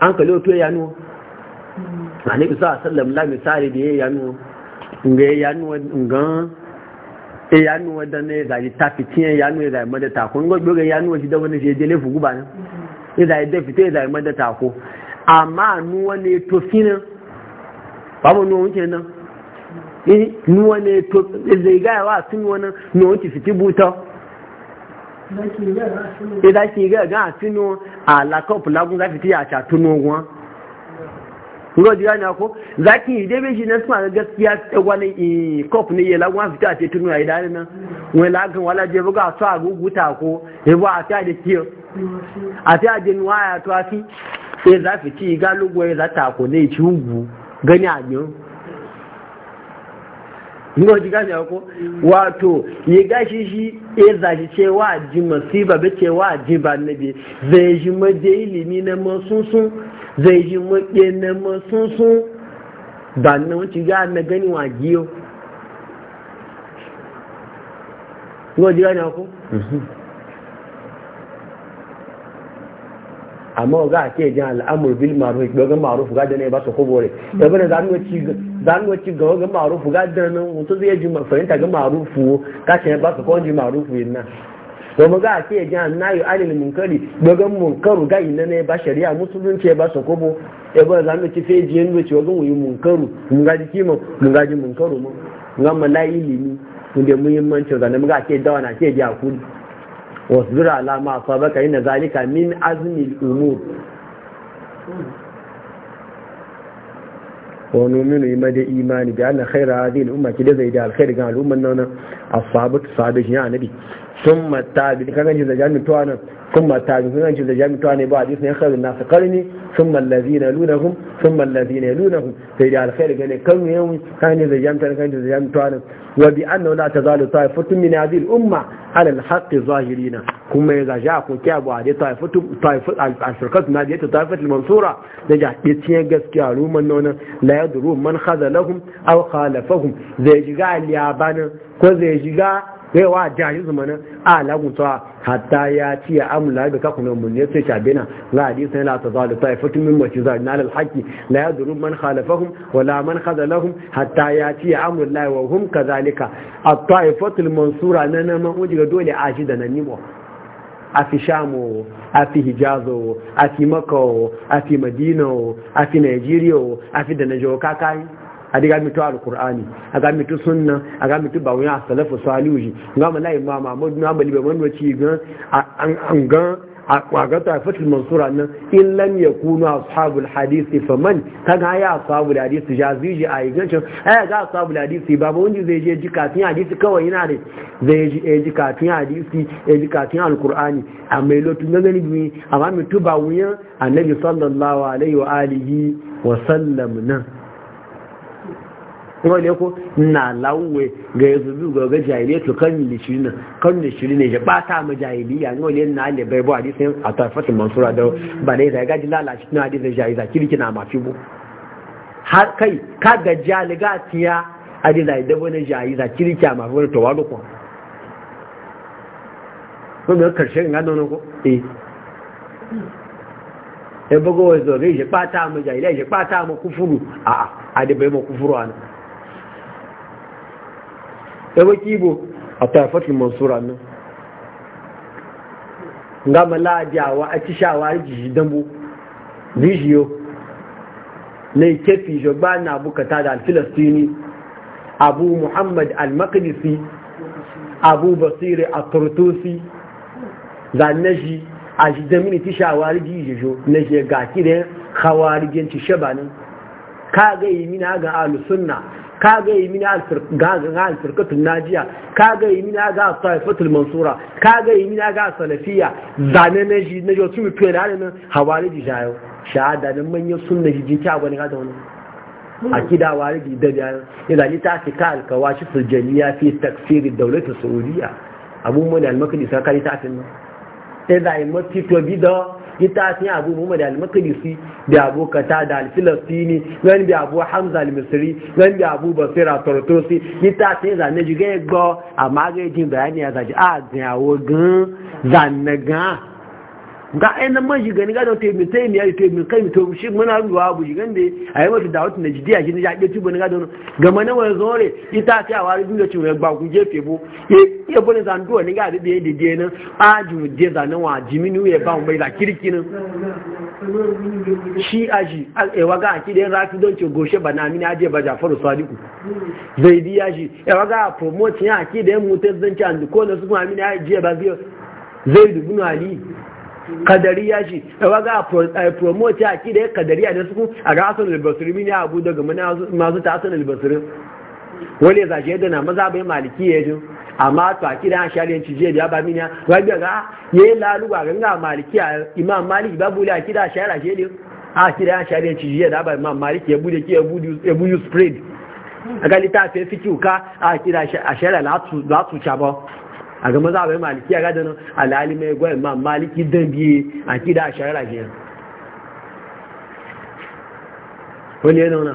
an kalli wato ya nuwa a ne bisa a sallam la misali da ya yi ya nuwa nga ya nuwa ngan e yanu wadda ne ga ta tafi tiyan yanu e, ya e zai mada ta ko gobe ga yanu wa shi da wani shi jele fugu ba nan ya e zai da fita ya zai mada ta ko amma nuwa ne to fina babu nuwa wuce nan nuwa ne to zai gaya wa sun wani nuwa wuce fiti buta ya zai shi ga ga a sinu a la lagun za fiti a ca tuno gwan ruwa jiya ne ko za ki yi dai shi na suna ga gaskiya wani kof ne ya lagwa fita ce tunu a idanun nan wani lagun wala je buga su e a guguta ko ya bu a ta da kiyo a ta da nuwa ya to afi sai e za fi ci ga lugu ya za ta ko ne ci hugu gani a yau Ngo ji gashi ko wato ya ga shi ya e zashi cewa ji masiba ba cewa ji ba nabi zai ji maje ilimi na masunsun zai ji maƙe na masunsun ba na wancin ya na gani wa giyo yau ji gani ku? Mhm. amma ga a ke jan al'amur bil maruf ga maruf ga da ne ba su kobore da bane zanuwa ci ga ga maruf ga da nan mutu zai ji fahimta ga marufu ka ce ba su kwanji marufu yin nan wa ga a ce na yi anil munkari dogon munkaru ga inna ne ba shari'a musulunci ba su kobo ya e ba za mu ci feji yin wuce wajen wuyi munkaru mun gaji kima mun gaji munkaru mun nga malayi limi mun da muhimmancin zanen ga a ce dawa na ce ja kuli wasu zura alama a sabaka na zalika min azmil umur wa nominu yi mada imani bi ana khaira hadi al'umma ki da zai da alkhair ga al'umman nan ashabu sahabi ya annabi thumma tabi kaga ji da jami'in to ثم التابعون أنجل جامع تواني بعد إثنين خير الناس قرني ثم الذين يلونهم ثم الذين يلونهم فإذا الخير قال كم يوم كان إذا جامع تواني كان إذا جامع تواني وبأنه لا تزال طائفة من هذه الأمة على الحق ظاهرين كما إذا جاءكم كابوا هذه طائفة طائفة الفرقة نادية طائفة المنصورة نجح يتين قسكي علوما نونا لا يدرون من خذلهم أو خالفهم زي جغال يابانا كو زي جغال wa jahi zumana a lagunta hatta ya ci ya amula da ka kuma mun ne sai shabina la hadis ne la tazalu taifatu min mutiza na al haqi la yadru man khalafahum la man khadalahum hatta ya ci ya amula wa hum kadhalika a taifatu al mansura nan ma uji ga dole a shi da nan nimo a fi shamu a fi hijazo a fi makawo a fi madina a fi nigeria a fi da najawa kakayi. adiga mitu alqur'ani aga mitu sunna aga mitu bawun asalafu salihu ga mala imama ahmad na bali ban ci ga an ga ta tafatul mansura nan in lam yakunu ashabul hadisi faman kaga ya ashabul hadisi jaziji a ce ai ga ashabul ba babu wanda zai je tin hadisi kawai yana ne, zai je hadith hadisi ya eh, jikatun alqur'ani mai lotu na gani bi amma mutu ba wuyan annabi sallallahu alaihi wa alihi wa sallam nan wani ko na lawwe ga yanzu biyu ga ga jahiliya to kan ni shi kan ni shi ne ya ta ma jahiliya ne na le bai ba hadisin a tafati mansura da ba dai da gaji lalashi na hadisin jahiliya kirki na mafi bu har kai ka ga jaliga tiya adila da wani jahiliya kirki a mafi wani tawalu ko ko da karshe ga don ko eh e bago wazo ga ya bata ma jahiliya ya bata ma kufuru a a da bai ma kufuru ana ɗawa kibo a taifatul mansura nan ga maladiyawa a cishawa jiji dambu rijiyo na ikefi shugba na bukata da alfilastini abu muhammad al-maqdisi abu basiri a turtusi zanashi a jidamini tishawa jiji jo na ga kiran hawari rigin cishe ba ka ga yi mina ga alusunna ka ga yi mini alfirkatun najiya ka ga yi mini ga saifatul mansura ka ga yi mini ga salafiya zane na shi na yau sun fiye da hannun hawari da shayo shahada na manyan sun da jijin kya gwani ga da wani a kida wari da da biya ya zane ta fi ka alkawa shi jami'a fi taksiri daulatu saudiya abubuwan da almakali isa kari ta fi nan ya zai mafi to da littafin abu muhammad al-maqdisi da abu kata da al-filastini gan bi abu hamza al-misri gan bi abu basira tortosi littafin zanne ji ya gbo amma ga yi jin bayani ya zaji a zanyawo gan zanne gan ga ainihin man shiga ni ga don taimin taimin ya yi taimin kai to shi muna ruwa abu shigan da a yi mafi da wata na jidiya shi ne ya ɗaya tuba ni ga don gama na wani zore ita ta yawa rikin da cewa ba ku jefe bu ya bane zanduwa ni ga da ya didiya nan a mu je zanen wa jimini ya ba mu bai da kirki nan shi a shi ewa ga aki ɗayan rafi don ce goshe ba na mini ajiye ba jafaru sadiku zai diya shi ewa ga promotion ya e aki ɗayan mutar zance and ko na su kuma mini ajiye ba zai zai dubu na aliyu kadariya shi da waga a promote a kida ya kadariya da suku a ga asan albasiri mini abu daga masu ta asan albasiri wani ya zaje yadda na maza bai maliki ya jin amma to a kida an shariyanci jiya da ya ba mini ya wani ga ya yi laluwa ganga maliki a imam maliki babu a kida a shari'a shi ne a kida an shariyanci jiya da ba imam maliki ya bude ki ya buyu spread a ga littafi ya fi kiwuka a kida a shari'a za su caba a ga maza bai maliki a gadon alhali mai gwai ma maliki dan biye a kida a shahara ke wani yana wana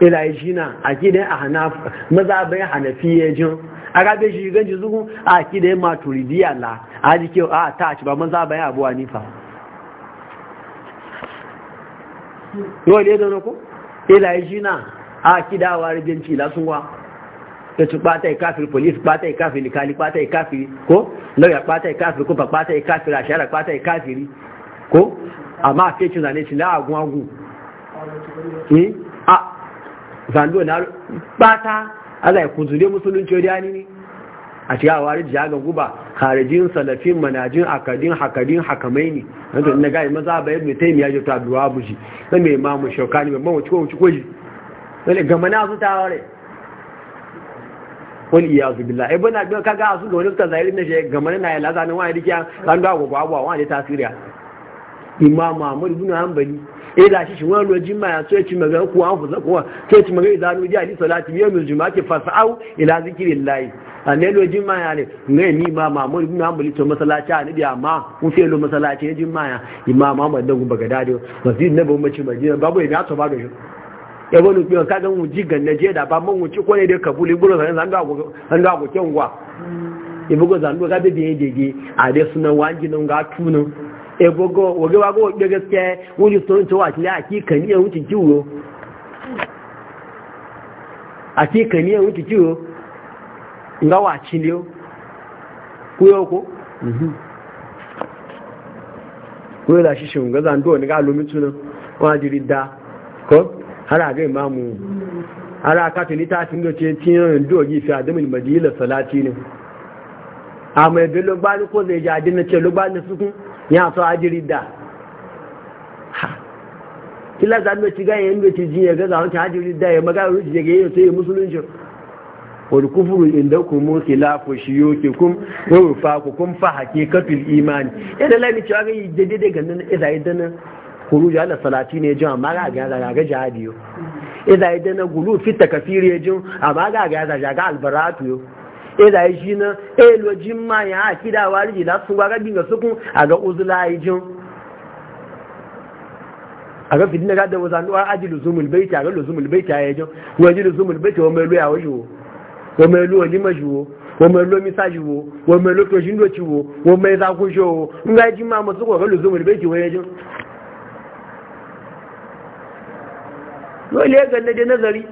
ilayi shi na a kida a hanaf maza bai hanafi ya jin a gabe shi ganci zuku a kida ya maturidiya la a ji kyau a ta ci ba maza bai abuwa nifa yau ne da wani ko ilayi shi na a kida a warin jinci lasunwa yasu bata ya kafiri police bata ya kafiri likali bata ya kafiri ko lawyer bata ya kafiri kofa bata ya kafiri ashara bata ya kafiri ko amma a fece zane shi la'agun agu eh a zando na bata Allah ya kunzure musulunci wani ani ne a cikin awari ya ga guba kharijin salafin manajin akadin hakadin hakamaini hakamai ne wanda na gaya maza bayan mai taimi ya jota duwa buji na mai mamu shaukani mai mamu cikin wuce kwaji wani gama na su taware iya su billah ai bana ga kaga su ga wani suka zahiri na shi ga mana na ya laza nan wani dikiya kan da go gwa wani tasiriya imam mahmud ibn Hanbali eh da shi wani loji ma ya so ya ci magana ku an fusa kuwa sai ci magana idan uji ali salati yawmul juma'a ke fasau ila zikrillah anne loji ma ya ne ne ni imam mahmud ibn Hanbali to masallaci a nabi ma mun fi lo masallaci ne jumma'a imam mahmud da gumba ga dadi masjid na bambaci madina babu ya to ba ga shi ya wani fiye ka ga mu jigan na je da ba man wuce ko ne da kabuli gurin sanin zan ga ku kyan gwa ibogo zan ga da biye dege a dai suna wangi nan ga tunan ibogo wage wago da gaskiya wuri sun to wa kila aki kan iya wuce kiwo aki kan iya wuce kiwo nga wa chilio kuyo ko kuyo da shi shi ga zan do ne ga lumi tunan wa da ko har ga imamu har aka ni ta tinga ce tiyan dogi fi adamin madila salati ne a mai bi lubani ko zai jadi na ce lubani sukun ya so ajiri da kila zan mu ci ga yin da ci jiya ga zawon ta ajiri da ya maga ruci daga yin sai musulunci wal kufru indakum khilafu shuyukikum wa wifaqukum fa hakikatul iman idan la ni ci ga yi dede daga nan idan idan khuruj ala salati ne jin amma ga ga jihadi yo idan idan na gulu fi takfiri ya jin amma ga ga albaratu yo idan shi na elo eh, jin ma ya akida warji da su ga dinga sukun a ga uzla yi jin a ga fitina ga da aji luzumul bai a ga luzumul bai ta jin wa ji luzumul baiti wa mai loya wajo wa mai loya limajo wa wo wa mai wa mai ma masu ga bai baiti wa dole ya ganna da nazari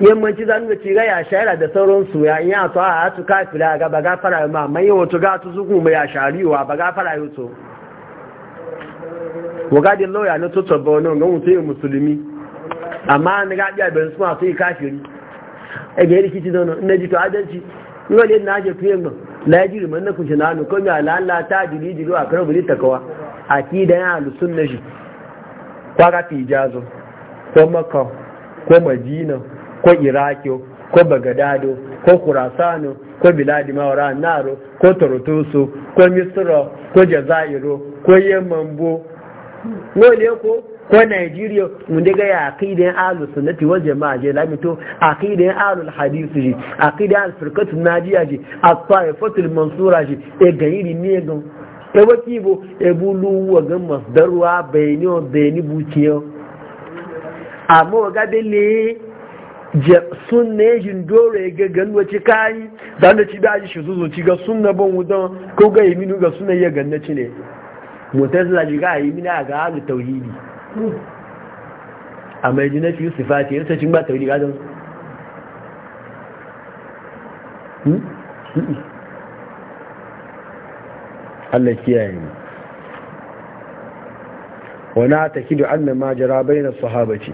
yammanci za mu ga ya shara da sauransu ya in ya to a su kafira ga ba ga fara ma mai yawo ga tu zugu mai ya shariwa ba ga fara yawo to waga din na to tobba wannan ga mutum musulmi amma ni ga biya ban su ma sai kafiri e ga rikici da na ji to adalci dole na je fiye mun la ji mun na kunshi na no ko mi ala Allah ta dili dilo a karbu ni takawa akida ya alusunna shi kwaga jazo ko makon ko madina ko irakiyo ko bagadado ko kurasano ko biladi mawara naro ko torotoso ko misra ko jazairo ko yamambo wole ko ko Nigeria mun daga ya aqidan ahlus sunnati wal jamaa je mito aqidan ahlul hadith ji aqidan al firqatu najiya ji at-taifatul mansura ji e gairi ne gan ewe kibo ebu luwa ga masdarwa bayani wa bayani bukiyo amma waga dele sunne jin dore ga wa ci kayi dan da ci da ji shi zuzo ci ga sunna ban wudan ko ga yiminu ga sunna ya ganna ci ne mutan da ji ga yimina ga alu tauhidi amma e ji na fi sifati yin cin ba tauhidi ga dan hmm? hmm, hmm. Allah kiyaye mu wana ta kidu annama jara bayna sahabati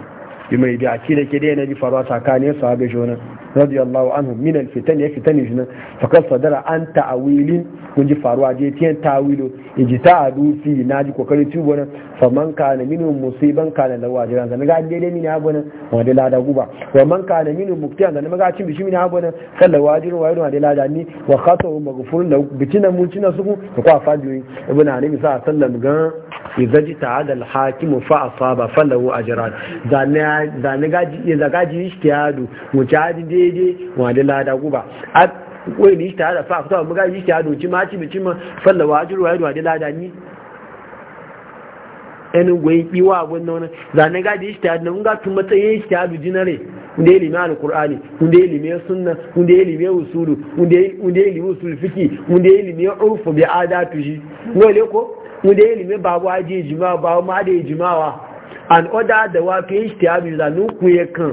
bi mai da akida ke da na ji faruwa tsakanin sahabe jonan radiyallahu anhu min alfitan ya fitani shi fakar sadara an ta'awilin kun ji faruwa je tiyan ta'awilo ijita a dufi na ji kokari ci wani ka na minu musiban ka na lawa jiran ga daidai mini wa da lada guba wa man ka na minu muktiyan ga cin bishi mini kan lawa jiran wa da lada ni wa khatahu maghfurun lahu mun kwa sallam ga izaji ta'ada al-hakim fa ga ji daidai da lada guba a kwai da yi ta da fa fita wani yi ta doci ma ci bici ma fallawa ajiru wa da lada ni ɗanin goyi kiwa abin na wani zane da shi ta da mun tun matsayin shi ta da jinare wanda ya limi alkur'ani wanda ya limi sunna wanda ya limi usulu wanda ya limi usul fiki wanda ya limi urfu bi adatu shi wale ko wanda ya limi babu aji jimawa babu ma da jimawa an oda da wa wafi shi ta da zanu ku ya kan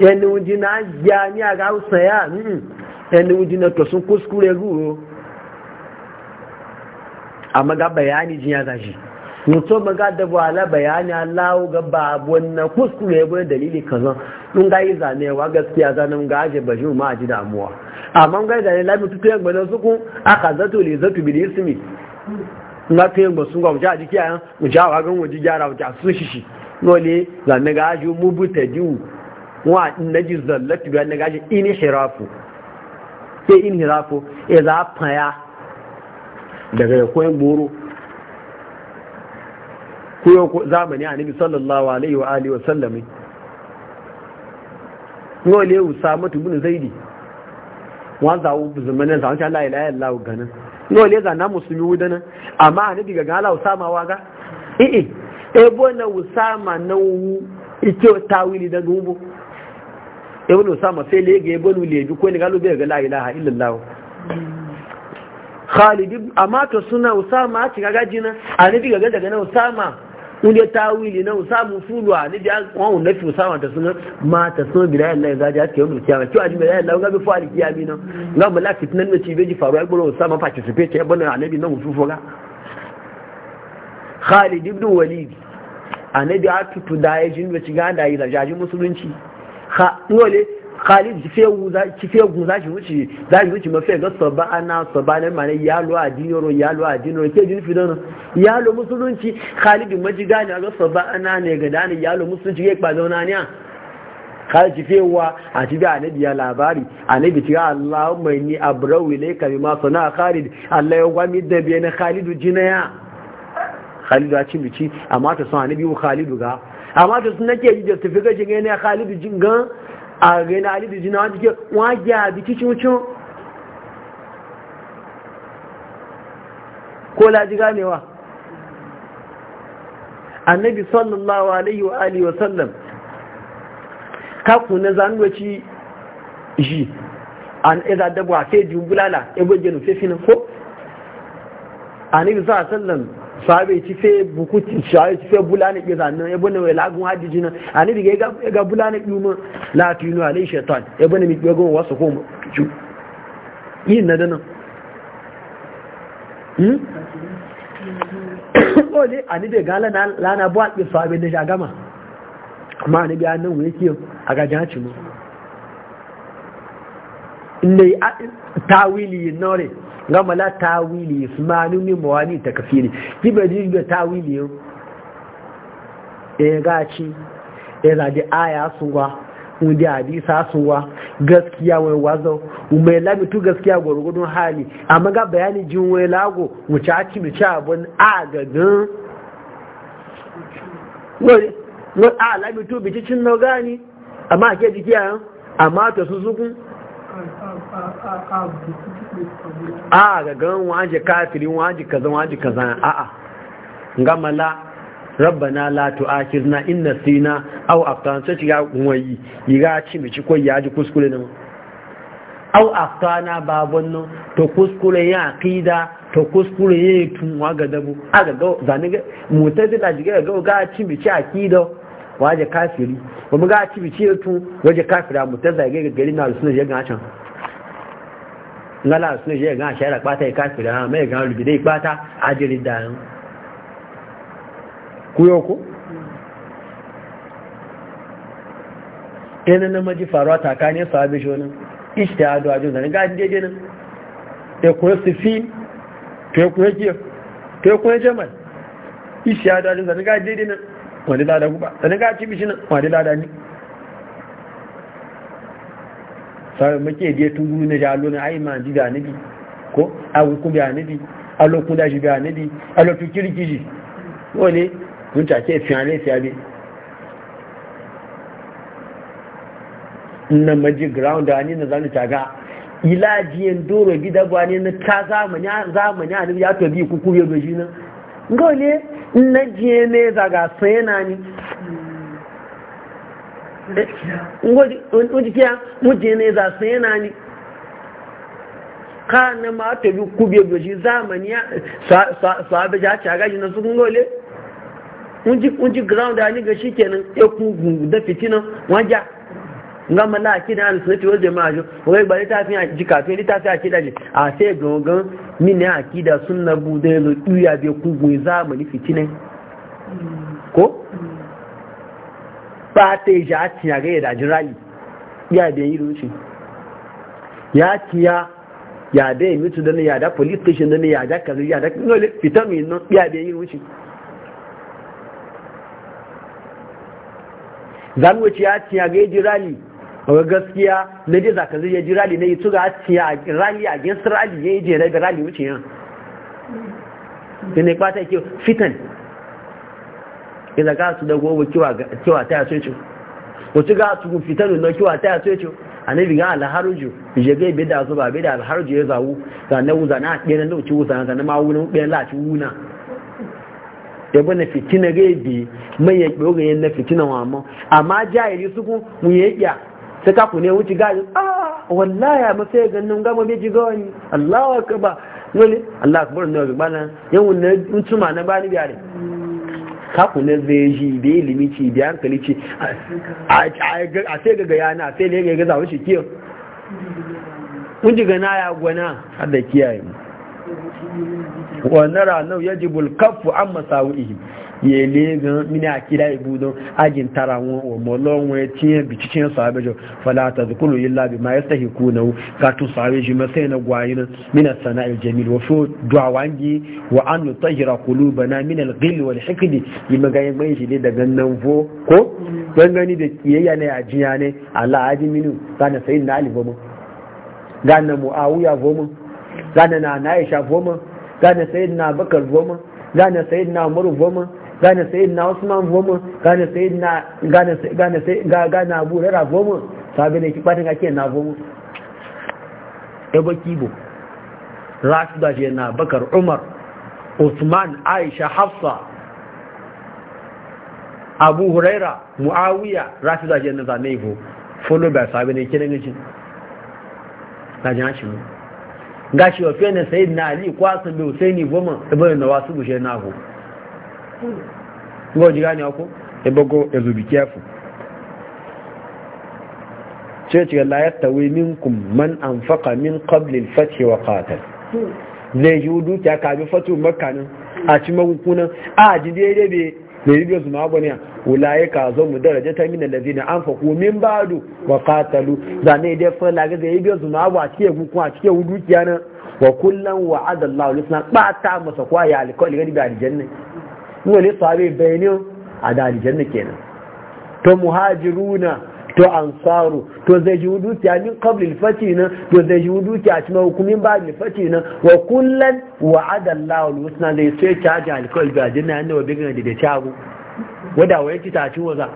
ẹni ojú náà yá ní ara ọ̀sán yá ẹni ojú náà tọ̀sún kó skúl ẹrú o àmọ́gá bayani jìyà gàjì mutum maga da wala bayani Allah ga babon na kuskure bai dalili kazan in ga yi wa gaskiya zanen ga aje bashi ma ji damuwa amma ga zane lafi tutu yan gbanin suku aka zato le zato bi ismi na to yan gbasun ga mujaji kiyayen wa gan waje gyara waje su shishi nole zane ga aje mu bu diu wa naji zallatu ga naga shi in hirafu sai in hirafu ya za faya daga ya koyan goro ko zamani annabi sallallahu alaihi wa alihi wa sallam ngo le usama tubun zaidi wa za u zamanin za Allah ila ila ganin ngo le za na musulmi wudana amma annabi ga gala usama wa ga eh eh ebo na usama na wu ito tawili daga ubo ibn usama sai le ga ibn lebi ko ni galu ga la ilaha illallah khalid amma to suna usama ci ga gajina anabi ga daga na usama unde tawili na usamu fulwa ni da won na fi usama ta suna ma ta so bi la ilaha ga ja ke mu kiyama to ajin la ilaha ga bi fali kiyami no ga mu la fitnan ne ci beji faru ibn usama participate ibn anabi na musu foga khalid ibn walid anabi a tutu da yajin da ci ga da yi da jaji musulunci dole khalid ki fe guza ki shi wuce za ki wuce mafi ga saba ana saba ne mane yalo adino ro yalo adino ke jin fi don yalo musulunci khalid majiga a ga saba ana ne ga dani yalo musulunci ke kpa zauna ne kaji fewa a ci da annabi ya labari annabi ci Allah mai ni ka bi bima sana Khalid Allah ya mi da bi na Khalidu jinaya Khalidu a cin bici amma ta son annabi Khalidu ga amma to sun nake yi justification gani ne Khalid jin gan a gani ne Khalid jin Wani dike wa biki cikin kici ko la ji ganewa annabi sallallahu alaihi wa alihi wa sallam ka ku na zanwaci ji an iza dabuwa sai jumbulala bulala, genu sai finin ko annabi sallallahu alaihi wa sallam sabe ci fe buku ci shaye ci fe bulani ke zanna e bone we lagun hadiji na ani diga ga ga bulani bi mu la tinu alai shaitan e bone mi ga gon wasu ko mu yin na dana hmm ani de gala na lana bu albi sabe da shagama amma ni ga nan we ki a ga mu ne tawili nore gama la tawili su manu ne mawani ta kafi ne ji ga tawili yau e gaci e zaɗi aya suwa wunde hadisa suwa gaskiya wai wazo mai lamitu gaskiya gwargwadon hali amma ga bayani jin wai lago wuce aki mace abin agagin wani a lamitu bicicin na gani amma ake jikiya amma ta su zukun a ga gan waje kafirin waje kaza waje kaza a'a gamala rabbana la tu'akhizna in nasina aw aqtana sai ga yi yiga ci mi ci koyi yaji kuskure nan aw aqtana babon nan to kuskure ya aqida to kuskure ya tun waga dabu aga ga zani ga mutazila jiga ga ga ci mi ci aqida waje kafiri ba mu ga ci bici tu waje kafira mu ta zage ga gari na su je ga can ngala suna je ga shara bata ya kafira mai ga rubi dai kwata ajiri da ku yo ku kenan na maji faruwa takanin sahabi shonin ishtihadu ajin ga gaji daidai nan ya kuwa sufi ta ya kuwa kiyar ta ya kuwa jamal ishtihadu zan zanen gaji daidai nan wani lada guba wani ga ci bishin wani lada ni sai muke je tunguru na jalo na ai ma ji ga nabi ko a ku ga nabi a lokun da shi ga nabi a lokun kirkiji wani mun take fiyane fiyabe na maji ground ni na ta ga ilajiyen doro gida ba ne na ta zamani zamani a ya to bi kuku ya doji Ngole! na jiye ne daga saye na ni wajikiya mujiye ne za saye na ni ka na ma ta bi kube goji zamani ya sa-sa-sa-sa-sa ja ci a gaji na su Mun ji ground da ni ga shi kenan ya gungu da fitinan wajen ngan mala akida al sunnati wal jamaa jo wai bare ta fi jika to ni ta fi akida ni a se gongan ni ne akida sunna bu da lo duya be ku gun zamani fitine ko ba te ja ti a ga da jirali ya be yi ruci ya ti ya da mutu da ya da police station da ya da ka ya da n'o le, fitamin no ya be yi ruci zanwaci ya tiya ga jirali wa gaskiya na dai zaka zai ji rali na yi tuga tiya rali against gin rali ya yi je na ga rali wuce yan ne kwata ke fitan Ina ka su da gobe kiwa ta so ce wasu ga su fitan na kiwa ta yaso ce annabi ga alharuju je ga bi da su ba bi da alharuju ya zawu ga na wuza na ɗaya na wuce wuza na ma wunin ɗaya lati wuna yabo na fitina ga bi mai ya ɓoga yin na fitina wa amma amma jahili su ku mu ya sai ka ku ne wuce gaji ah wallahi ya mafi ganin gama bai ji gawani allahu akbar wani allah akbar ne ga bana yau ne mutuma na bani ni ne ka ku ne zai ji da ilimi ci da hankali ci a sai ga yana sai ne ga gaza wuce kiyo kun ji gana ya gwana har da kiyaye mu wannan ranau yajibul kafu an masawi'ihim yele gan mini akida ibudon ajin tara wọn ọmọ lọ́wọ́n tiyan bi cikin sahabe jo fala ta zukuru illa bi ma yastahi kunahu ka tun sahabe ji masai na gwayina mina sana'il jamil wa fo duawangi wa an nutahira qulubana min al-ghil wal hikd yi magayin mai shi daga nan fo ko dan gani da kiyayya ne ajiya ne ala aji minu kana sayyidina ali gomo gana muawiya gomo gana na aisha gomo gana sayyidina bakar gomo gana sayyidina umar gomo gane sayyidina usman goma gane sayyidina gane gane gane abu rara goma sabe ne ki patin ake na goma ebo kibo rashida je na bakar umar usman aisha hafsa abu huraira muawiya rashida je na zane ibo follow by sabe ne kiran gicin na jan shi gashi wa fiye na sayyidina ali kwasan bai husaini goma ibo na wasu bushe na goma ngo jiga ni ako e bogo e zo be careful ce ce la min minkum man anfaqa min qabl al-fath wa qatal zai yudu ta ka bi fatu makanin a ci magukuna a ji daidai be da yi biyu su magwaniya wulaye ka zo mu daraja ta min lalazi na an faku min badu wa katalu zane dai fa laga zai yi biyu su magwa a cikin gukun a cikin wudu kiyanan wa kullum wa lusna ba ta masa ya alkawali gani da aljanna wani sahabe bayanin a da aljanna kenan to muhajiruna to ansaru to zai ji a min qabl al na to zai ji dukiya a cikin hukumin ba al na wa kullan wa adallahu lusna zai sai ta ga alkol ga dinna ne wa da ta go wada waye ta ci waza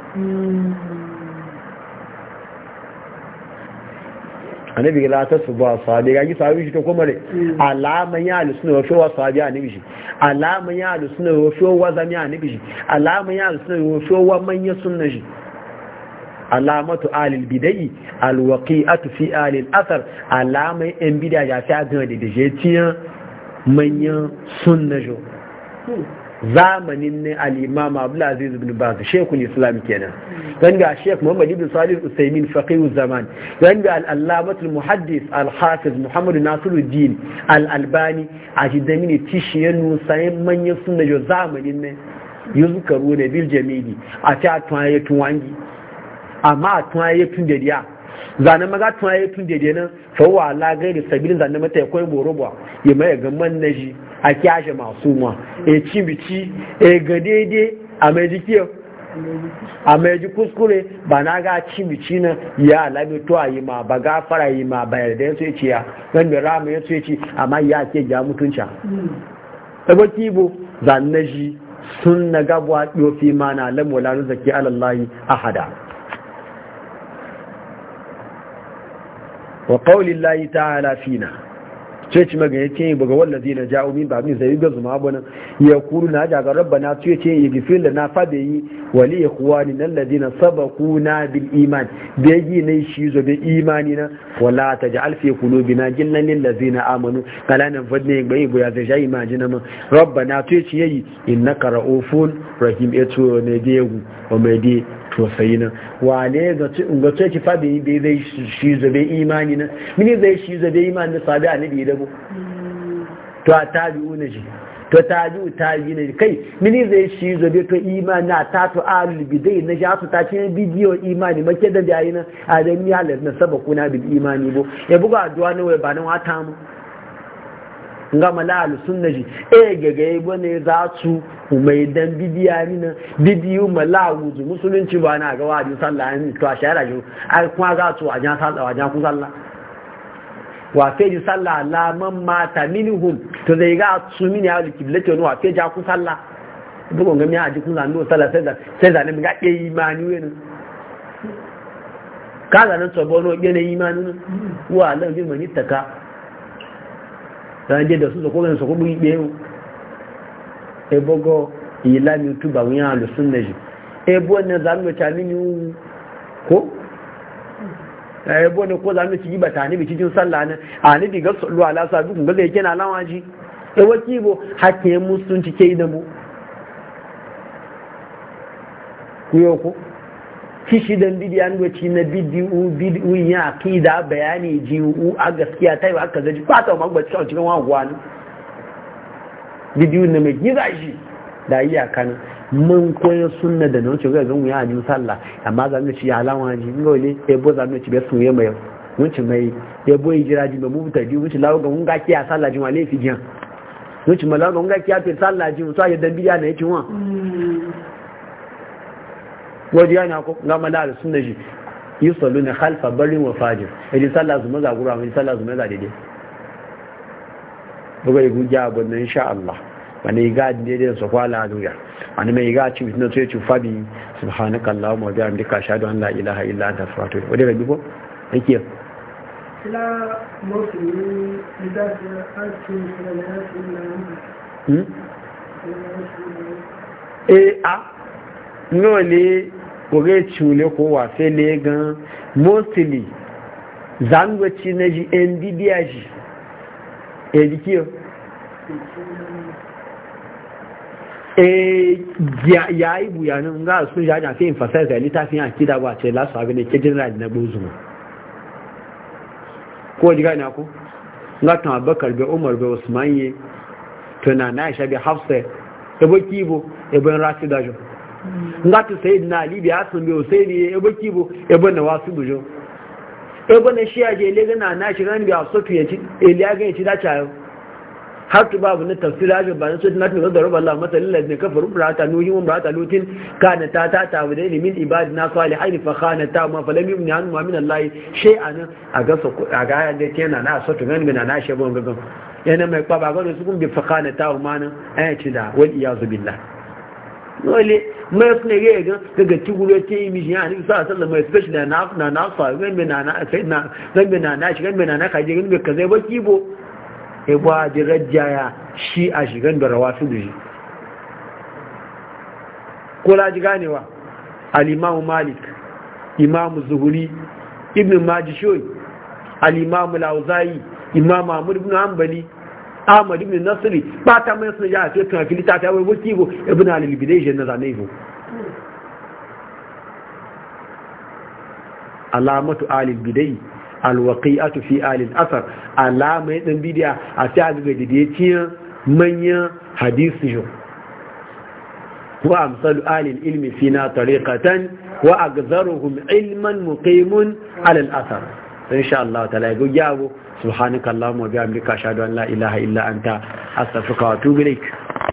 annabi ga ta su ba sahabi ga ki sahabi shi ko mare alama ya alu sunna wa fi wa sahabi annabi shi alama ya alu sunna wa fi wa zami annabi shi alama ya alu sunna wa fi wa manya sunna shi alamatu alil bidai alwaqi'atu fi alil athar alama en bidaya ta ga da je tiyan manyan sunna jo zamanin ne al-imam Abdulaziz ibn Baz shekul Islam kenan dan ga Sheikh Muhammad ibn Salih Al-Utsaimin faqih zaman dan ga al-Allamatul Muhaddis al-Hafiz Muhammad Nasiruddin al-Albani a jidamini tishiyan musayin manyan sunna jo zamanin ne karu ne bil jamili a ta tuwaye tuwangi amma tuwaye tun da diya zanen maza tun ya tun daidai nan fawa ala gairi sabilin zanen mata ya koyi boro ya mai ga man na a kyashe masu ma ya e ci bici ya e ga daidai a mai jiki a mai ji kuskure ba na ga ci bici na ya alami to a yi ma ba gafara yi ma ba yarda ya ce ya zan da rama ya ce ci amma ya ke ja mutunca ɗaba e kibo zanen shi sun na gabuwa ɗofi mana lamola zaki alallahi ahada wa ƙaunin layi ta sai ci magana yake yi baga wallazi na ja'u min ba min zai gazu ma bana ya kuru na ja ga rabbana sai ce yi gifil da na fada yi wali ikhwani nan ladina na bil iman da yi ne shi zo da imani na wala ta taj'al fi qulubina ghillan lil ladina amanu kala nan fadne ba yi buya da jayi majina ma rabbana sai ce yi innaka raufun rahim eto ne da degu o mai di to sai na wane ga ci ga ce ki fada yi bai zai shi zo da imani na mini zai shi zo da imani sabi annabi da mu to a tabi'u na shi to tabi'u tabi'u na kai mini zai shi bi to imani ta to alul bidai na shi asu ta ce bidiyo imani make da da yayin a da ni halar na saba kuna bi imani bo ya buga addu'a ne wai ba nan wata mu nga malalu sunna shi e gaga ibo ne za su mai dan bidiya ni na bidiyu malawu musulunci ba na ga wajin sallah ni to a shahara ai kuma za su a jan sallah a jan ku sallah wafe ji sallah laman mata minihum to zai ga su mini ya wali kibilati wani wafe ja kun sallah bugun gami a jikin zanen wa sallah sai zanen ga ɗaya imani wani ka zanen tsobo wani yanayi imani wani wa lan bi mani taka je da su zako ganin sako bugi ɗaya bugo yi lami tuba wuyan alusun na ji ebo na zanen wa camini ko eh ne ko mu ci giba ta ne bi cikin sallah ne ani bi ga sallu ala sabi kun ga zai na lawaji e eh, waki bo hakke ci ke da mu ku yo ko kishi dan do ci na bidi u ya akida bayani ji u a gaskiya ta yi aka zaji fata ma gbaci a cikin wani bidiyu na mai gida shi da iyaka ne mun koyar sunna da nan cewa ga wuya ajin sallah amma za mu ci alawa ji ngo ne e bo za mu ci be sunye mai mun wuce mai e bo jira ji mu ta ji wuce lawo ga mun ga kiya sallah ji wale fi jiyan wuce mala ga mun ga kiya fi sallah ji to ya dan biya na yake wa waje yana ko ga mala da sunna ji yusalluna khalfa barin wa fajir idan sallah zuma za gura mun sallah zuma za daidai bugai guja abun insha Allah wani ga daidai da sofa kwala aluya wani mai ga ci na sai ci fabi subhanaka allahumma wa bihamdika ashhadu an la ilaha illa anta astaghfiruka wa atubu ko yake ila musulmi idan an ci sunan nasu e a yóò lè orí ìtìwòlé kó wà fẹ́ lè gan mọ́sílì zangochi na ji ndb àjì Eh, ya yi buyanin nga su ya na fi infasar da fi a kida ba ce lasu abin ne ke general na gozuma ko ji gani ku nga ta abakar bai umar bai usman yi tuna na hafsa kibo ebon rasu dajo nga ta sai na ali bai asun bai ne ebo kibo ebon na wasu bujo ebon na shi ya je lega na na shi ran ci eliya ga har tu babu na tafsir hajji ba na na tunan da Allah masalin lalzin kafaru burata nuhi mun burata lutin kana ta ta ta wa da ilimin ibadi na sali haini fa khana ta ma fa lamin ya hannu min Allah shay an a ga a ga da kenan na so to ganin na bon yana mai kwaba ga su kun bi fa khana ta ma nan ai ci da wal iyazu billah dole mai ne ga ga daga tigure ce yi mishi sallama na na na sa gan na na na gan na na shi gan na na kaje gan me ya ba ji jaya shi a shigan da rawa su duji ko ji ganewa al'imamu malik imamu zuhuri ibn majishoi al'imamu lauzayi imamu amur ibn hanbali ahmad ibn nasiri ba ta mai suna jaya fiye tun filita ta wai wuki bu ibn alilbidai na zane bu alamatu alilbidai alwaqi'atu fi alil asar alama ɗan bidiya a sai da ga didiyaciyar manyan hadisi yau wa amsalu alil ilmi fi na tariqatan wa agzaruhum ilman muqimun alal asar insha Allah ta'ala ga yabo subhanakallahumma wa bihamdika ashhadu an la ilaha illa anta astaghfiruka wa atubu ilaik